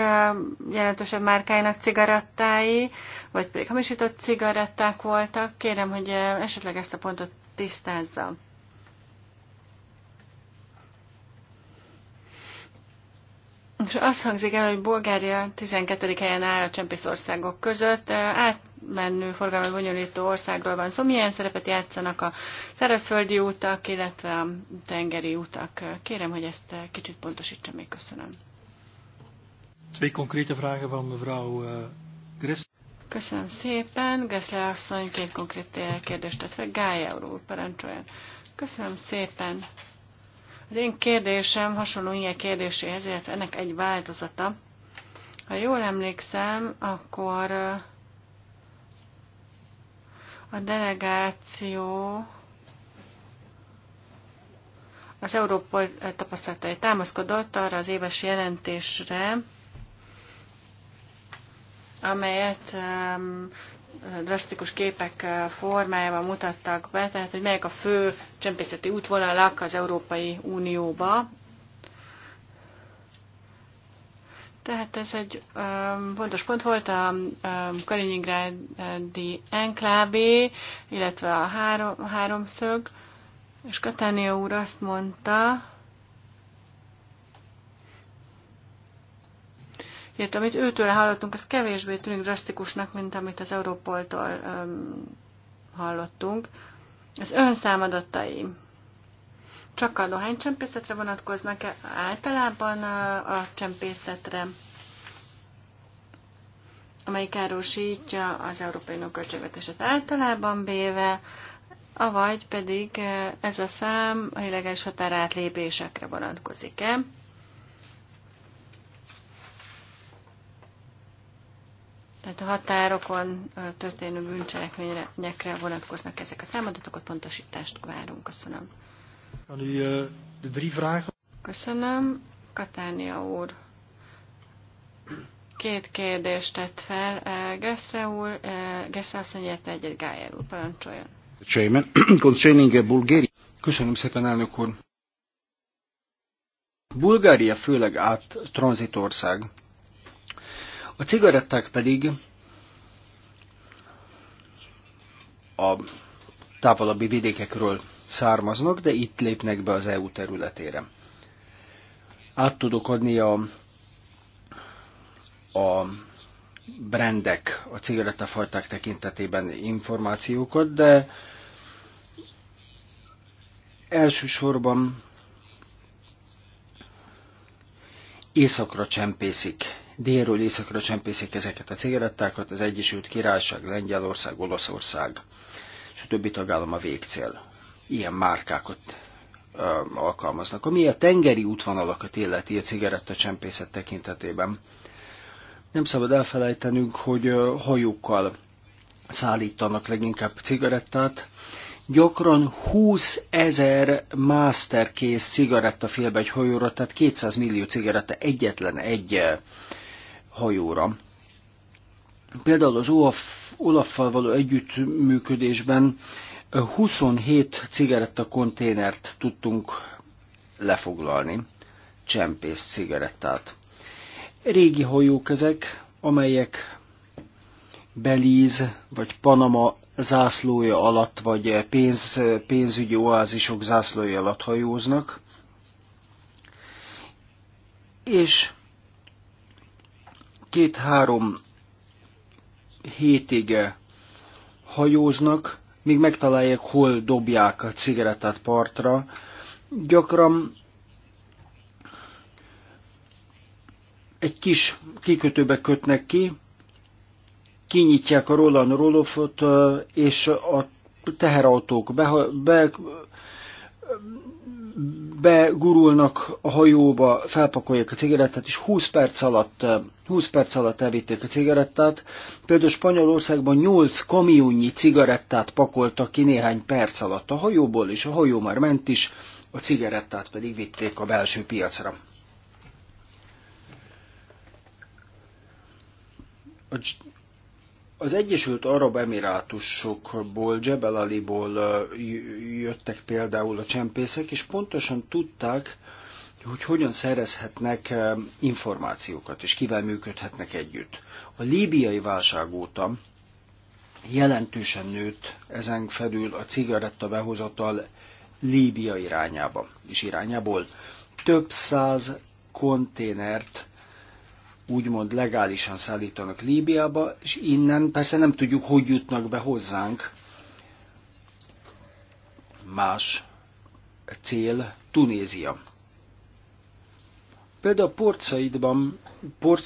jelentősebb márkáinak cigarettái, vagy pedig hamisított cigaretták voltak. Kérem, hogy esetleg ezt a pontot tisztázza. És azt hangzik el, hogy Bulgária 12. helyen áll a csempészországok között. Átmenő forgalmi bonyolító országról van szó. Szóval milyen szerepet játszanak a szárazföldi utak, illetve a tengeri utak? Kérem, hogy ezt kicsit pontosítsa még. Köszönöm. Twee concrete vragen van mevrouw eh, Gressler. Köszönöm szépen. Gressler asszony két konkrét kérdést tett fel. Gája úr, parancsoljon. Köszönöm szépen. Az én kérdésem hasonló ilyen kérdésé, ezért ennek egy változata. Ha jól emlékszem, akkor uh, a delegáció az Európa uh, tapasztalatai támaszkodott arra az éves jelentésre, amelyet um, drasztikus képek eh, formájában mutattak be, tehát hogy melyek a fő csempészeti útvonalak az Európai Unióba. Tehát ez egy um, fontos pont volt a um, Kaliningrádi enklábé, illetve a három, háromszög, és Katánia úr azt mondta, illetve amit őtől hallottunk, az kevésbé tűnik drasztikusnak, mint amit az Európoltól um, hallottunk. Az önszámadatai csak a dohánycsempészetre vonatkoznak -e? általában a, a csempészetre, amely károsítja az európai költségvetését általában véve, avagy pedig ez a szám a illegális határátlépésekre vonatkozik-e? Tehát a határokon történő bűncselekményekre vonatkoznak ezek a számadatokat, pontosítást várunk. Köszönöm. Köszönöm. Katánia úr két kérdést tett fel. Geszre úr, Geszre asszony, illetve egyet Gájer úr, parancsoljon. Uh, Köszönöm szépen, elnök úr. Bulgária főleg át tranzitország, a cigaretták pedig a távolabbi vidékekről származnak, de itt lépnek be az EU területére. Át tudok adni a, a brendek, a cigarettafajták tekintetében információkat, de elsősorban északra csempészik délről északra csempészik ezeket a cigarettákat, az Egyesült Királyság, Lengyelország, Olaszország és a többi tagállam a végcél. Ilyen márkákat ö, alkalmaznak. Ami a tengeri útvonalakat illeti a csempészet tekintetében, nem szabad elfelejtenünk, hogy hajókkal szállítanak leginkább cigarettát, gyakran 20 ezer masterkész cigaretta félbe egy hajóra, tehát 200 millió cigaretta egyetlen egy hajóra. Például az Olaffal való együttműködésben 27 cigarettakonténert tudtunk lefoglalni, csempész cigarettát. Régi hajók ezek, amelyek Belize vagy Panama zászlója alatt, vagy pénz, pénzügyi oázisok zászlója alatt hajóznak, és két-három hétig eh, hajóznak, míg megtalálják, hol dobják a cigarettát partra. Gyakran egy kis kikötőbe kötnek ki, kinyitják a Roland Rolofot, eh, és a teherautók be, be, begurulnak a hajóba, felpakolják a cigarettát, és 20 perc alatt, 20 perc alatt elvitték a cigarettát. Például Spanyolországban 8 kamionnyi cigarettát pakoltak ki néhány perc alatt a hajóból, és a hajó már ment is, a cigarettát pedig vitték a belső piacra. A az Egyesült Arab Emirátusokból, Jebel Aliból jöttek például a csempészek, és pontosan tudták, hogy hogyan szerezhetnek információkat, és kivel működhetnek együtt. A líbiai válság óta jelentősen nőtt ezen felül a cigaretta behozatal Líbia irányába és irányából. Több száz konténert úgymond legálisan szállítanak Líbiába, és innen persze nem tudjuk, hogy jutnak be hozzánk. Más cél Tunézia. Például Port Saidban, Port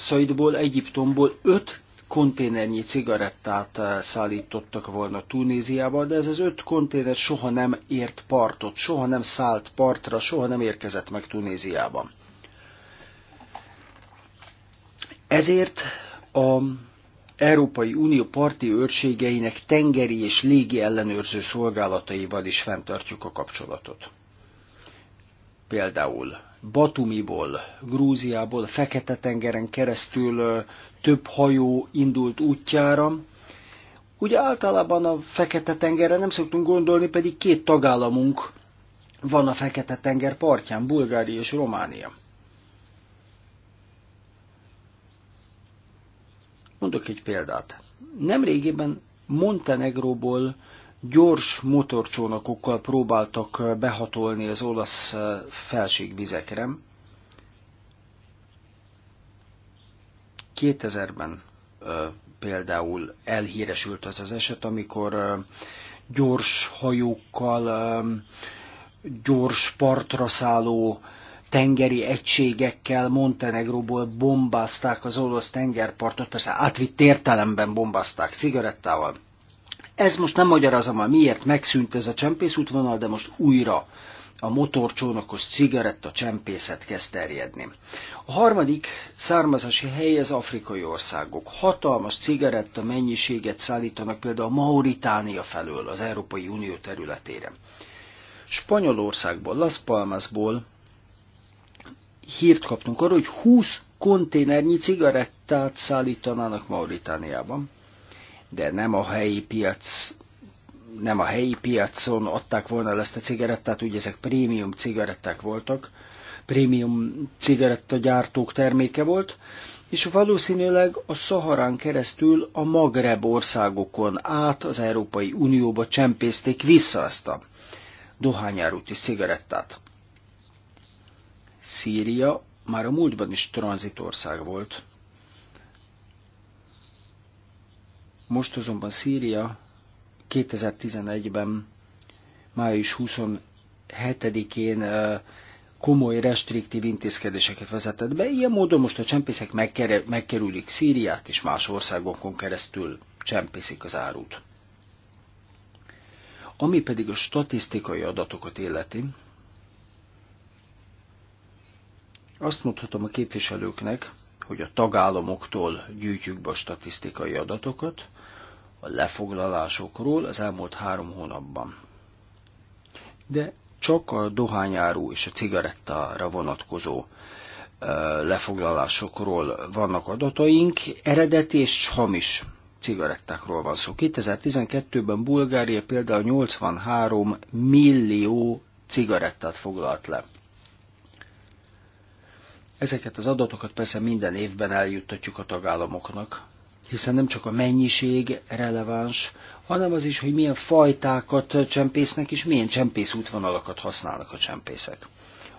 Egyiptomból öt konténernyi cigarettát eh, szállítottak volna Tunéziába, de ez az öt konténer soha nem ért partot, soha nem szállt partra, soha nem érkezett meg Tunéziában. Ezért a Európai Unió parti őrségeinek tengeri és légi ellenőrző szolgálataival is fenntartjuk a kapcsolatot. Például Batumiból, Grúziából, Fekete-tengeren keresztül több hajó indult útjára. Ugye általában a Fekete-tengerre nem szoktunk gondolni, pedig két tagállamunk van a Fekete-tenger partján, Bulgária és Románia. Mondok egy példát. Nemrégiben Montenegróból gyors motorcsónakokkal próbáltak behatolni az olasz eh, felségvizekre. 2000-ben eh, például elhíresült az az eset, amikor eh, gyors hajókkal, gyors partra szálló tengeri egységekkel Montenegróból bombázták az orosz tengerpartot, persze átvitt értelemben bombázták cigarettával. Ez most nem magyarázom, miért megszűnt ez a csempészútvonal, de most újra a motorcsónakos cigaretta csempészet kezd terjedni. A harmadik származási hely az afrikai országok. Hatalmas cigaretta mennyiséget szállítanak például a Mauritánia felől az Európai Unió területére. Spanyolországból, Las Palmasból hírt kaptunk arról, hogy 20 konténernyi cigarettát szállítanának Mauritániában, de nem a helyi piac nem a helyi piacon adták volna el ezt a cigarettát, ugye ezek prémium cigaretták voltak, prémium cigarettagyártók terméke volt, és valószínűleg a Szaharán keresztül a Magreb országokon át az Európai Unióba csempészték vissza ezt a dohányárúti cigarettát. Szíria már a múltban is tranzitország volt. Most azonban Szíria 2011-ben, május 27-én komoly restriktív intézkedéseket vezetett be. Ilyen módon most a csempészek megkerülik Szíriát, és más országokon keresztül csempészik az árut. Ami pedig a statisztikai adatokat illeti, Azt mondhatom a képviselőknek, hogy a tagállamoktól gyűjtjük be a statisztikai adatokat a lefoglalásokról az elmúlt három hónapban. De csak a dohányáru és a cigarettára vonatkozó lefoglalásokról vannak adataink, eredeti és hamis cigarettákról van szó. 2012-ben Bulgária például 83 millió cigarettát foglalt le. Ezeket az adatokat persze minden évben eljuttatjuk a tagállamoknak, hiszen nem csak a mennyiség releváns, hanem az is, hogy milyen fajtákat csempésznek, és milyen csempész útvonalakat használnak a csempészek.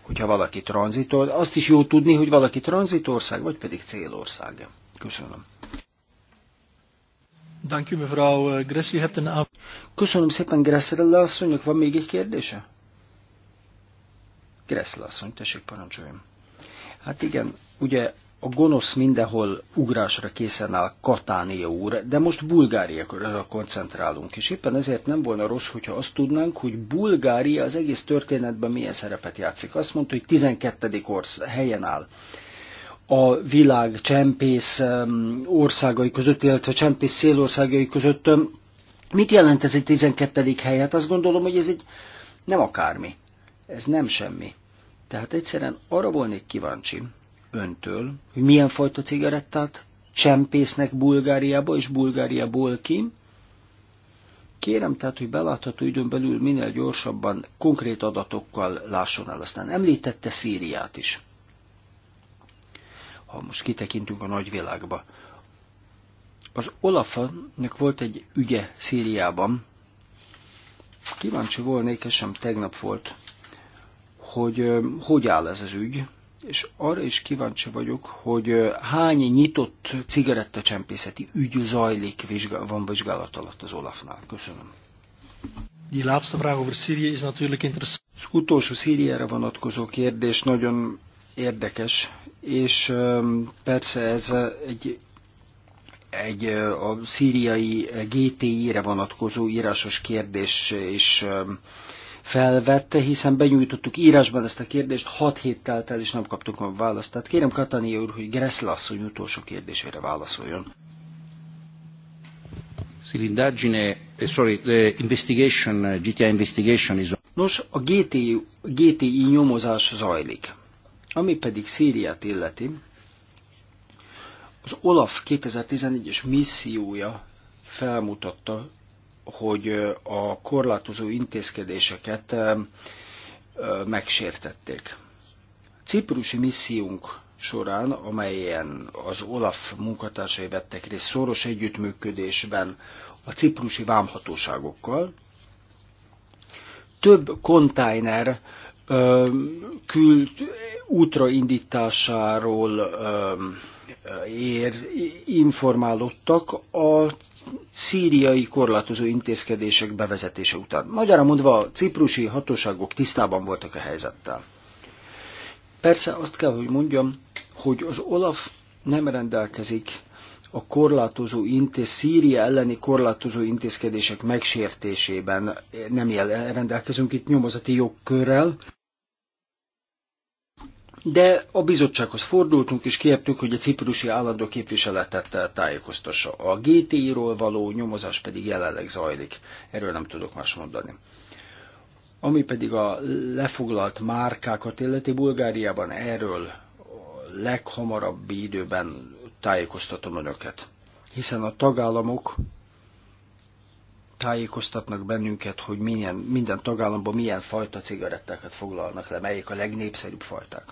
Hogyha valaki tranzitor, azt is jó tudni, hogy valaki tranzitország, vagy pedig célország. Köszönöm. Eh, Köszönöm szépen, Gressle asszonynak. Van még egy kérdése? Gressle asszony, tessék parancsoljon. Hát igen, ugye a gonosz mindenhol ugrásra készen áll Katánia úr, de most Bulgáriára koncentrálunk, és éppen ezért nem volna rossz, hogyha azt tudnánk, hogy Bulgária az egész történetben milyen szerepet játszik. Azt mondta, hogy 12. Orsz, helyen áll a világ csempész országai között, illetve csempész szélországai között. Mit jelent ez egy 12. helyet? Hát azt gondolom, hogy ez egy nem akármi. Ez nem semmi tehát egyszerűen arra volnék kíváncsi öntől, hogy milyen fajta cigarettát csempésznek Bulgáriába és Bulgáriából ki. Kérem tehát, hogy belátható időn belül minél gyorsabban konkrét adatokkal lásson el. Aztán említette Szíriát is. Ha most kitekintünk a nagyvilágba. Az Olafnak volt egy ügye Szíriában. Kíváncsi volnék, és sem tegnap volt, hogy hogy áll ez az ügy, és arra is kíváncsi vagyok, hogy hány nyitott cigarettacsempészeti ügy zajlik, van vizsgálat alatt az Olafnál. Köszönöm. Die laatste vraag over Syrië is natuurlijk interessant. Az utolsó Szíriára vonatkozó kérdés nagyon érdekes, és persze ez egy, egy a szíriai GTI-re vonatkozó írásos kérdés, és felvette, hiszen benyújtottuk írásban ezt a kérdést, hat hét telt el, és nem kaptuk a választ. Tehát kérem Katani úr, hogy Gressle asszony utolsó kérdésére válaszoljon. Eh, eh, Nos, a GTI, GTI nyomozás zajlik. Ami pedig Szíriát illeti, az Olaf 2014 es missziója felmutatta hogy a korlátozó intézkedéseket megsértették. A ciprusi missziunk során, amelyen az OLAF munkatársai vettek részt szoros együttműködésben a ciprusi vámhatóságokkal, több konténer küld útraindításáról ér, informálódtak a szíriai korlátozó intézkedések bevezetése után. Magyarán mondva a ciprusi hatóságok tisztában voltak a helyzettel. Persze azt kell, hogy mondjam, hogy az Olaf nem rendelkezik a korlátozó intéz, Szíria elleni korlátozó intézkedések megsértésében nem rendelkezünk itt nyomozati jogkörrel, de a bizottsághoz fordultunk, és kértük, hogy a ciprusi állandó képviseletet tájékoztassa. A GTI-ról való nyomozás pedig jelenleg zajlik. Erről nem tudok más mondani. Ami pedig a lefoglalt márkákat illeti Bulgáriában erről a leghamarabbi időben tájékoztatom önöket. Hiszen a tagállamok tájékoztatnak bennünket, hogy milyen, minden tagállamban milyen fajta cigarettákat foglalnak le, melyik a legnépszerűbb fajták.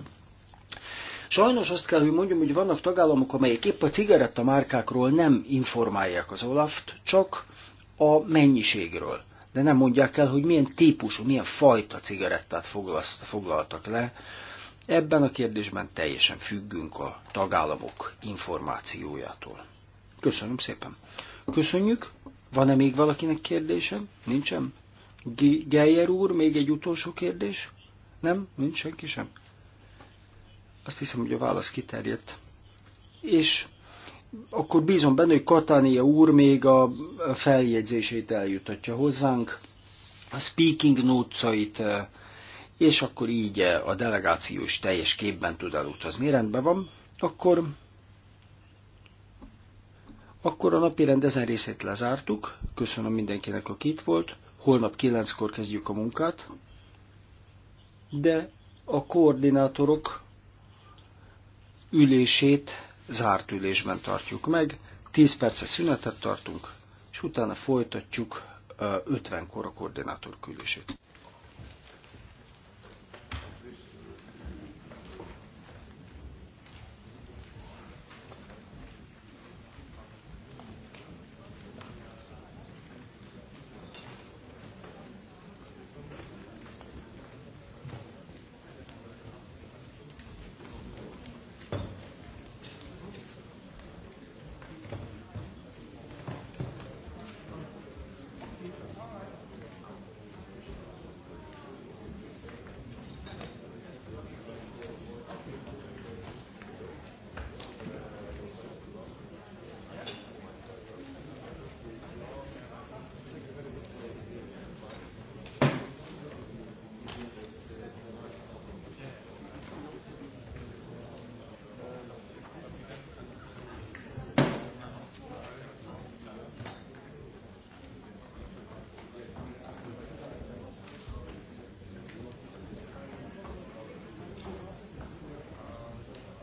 Sajnos azt kell, hogy mondjam, hogy vannak tagállamok, amelyek épp a cigarettamárkákról nem informálják az Olaft, csak a mennyiségről. De nem mondják el, hogy milyen típusú, milyen fajta cigarettát foglaltak le. Ebben a kérdésben teljesen függünk a tagállamok információjától. Köszönöm szépen. Köszönjük. Van-e még valakinek kérdése? Nincsen? Geyer úr, még egy utolsó kérdés? Nem? Nincs senki sem? Azt hiszem, hogy a válasz kiterjedt. És akkor bízom benne, hogy Katánia úr még a feljegyzését eljutatja hozzánk, a speaking notesait, és akkor így eh, a delegáció is teljes képben tud elutazni. Rendben van, akkor, akkor a napi rend ezen részét lezártuk. Köszönöm mindenkinek, aki itt volt. Holnap kilenckor kezdjük a munkát, de a koordinátorok ülését zárt ülésben tartjuk meg, 10 perce szünetet tartunk, és utána folytatjuk 50 kor a koordinátor külését.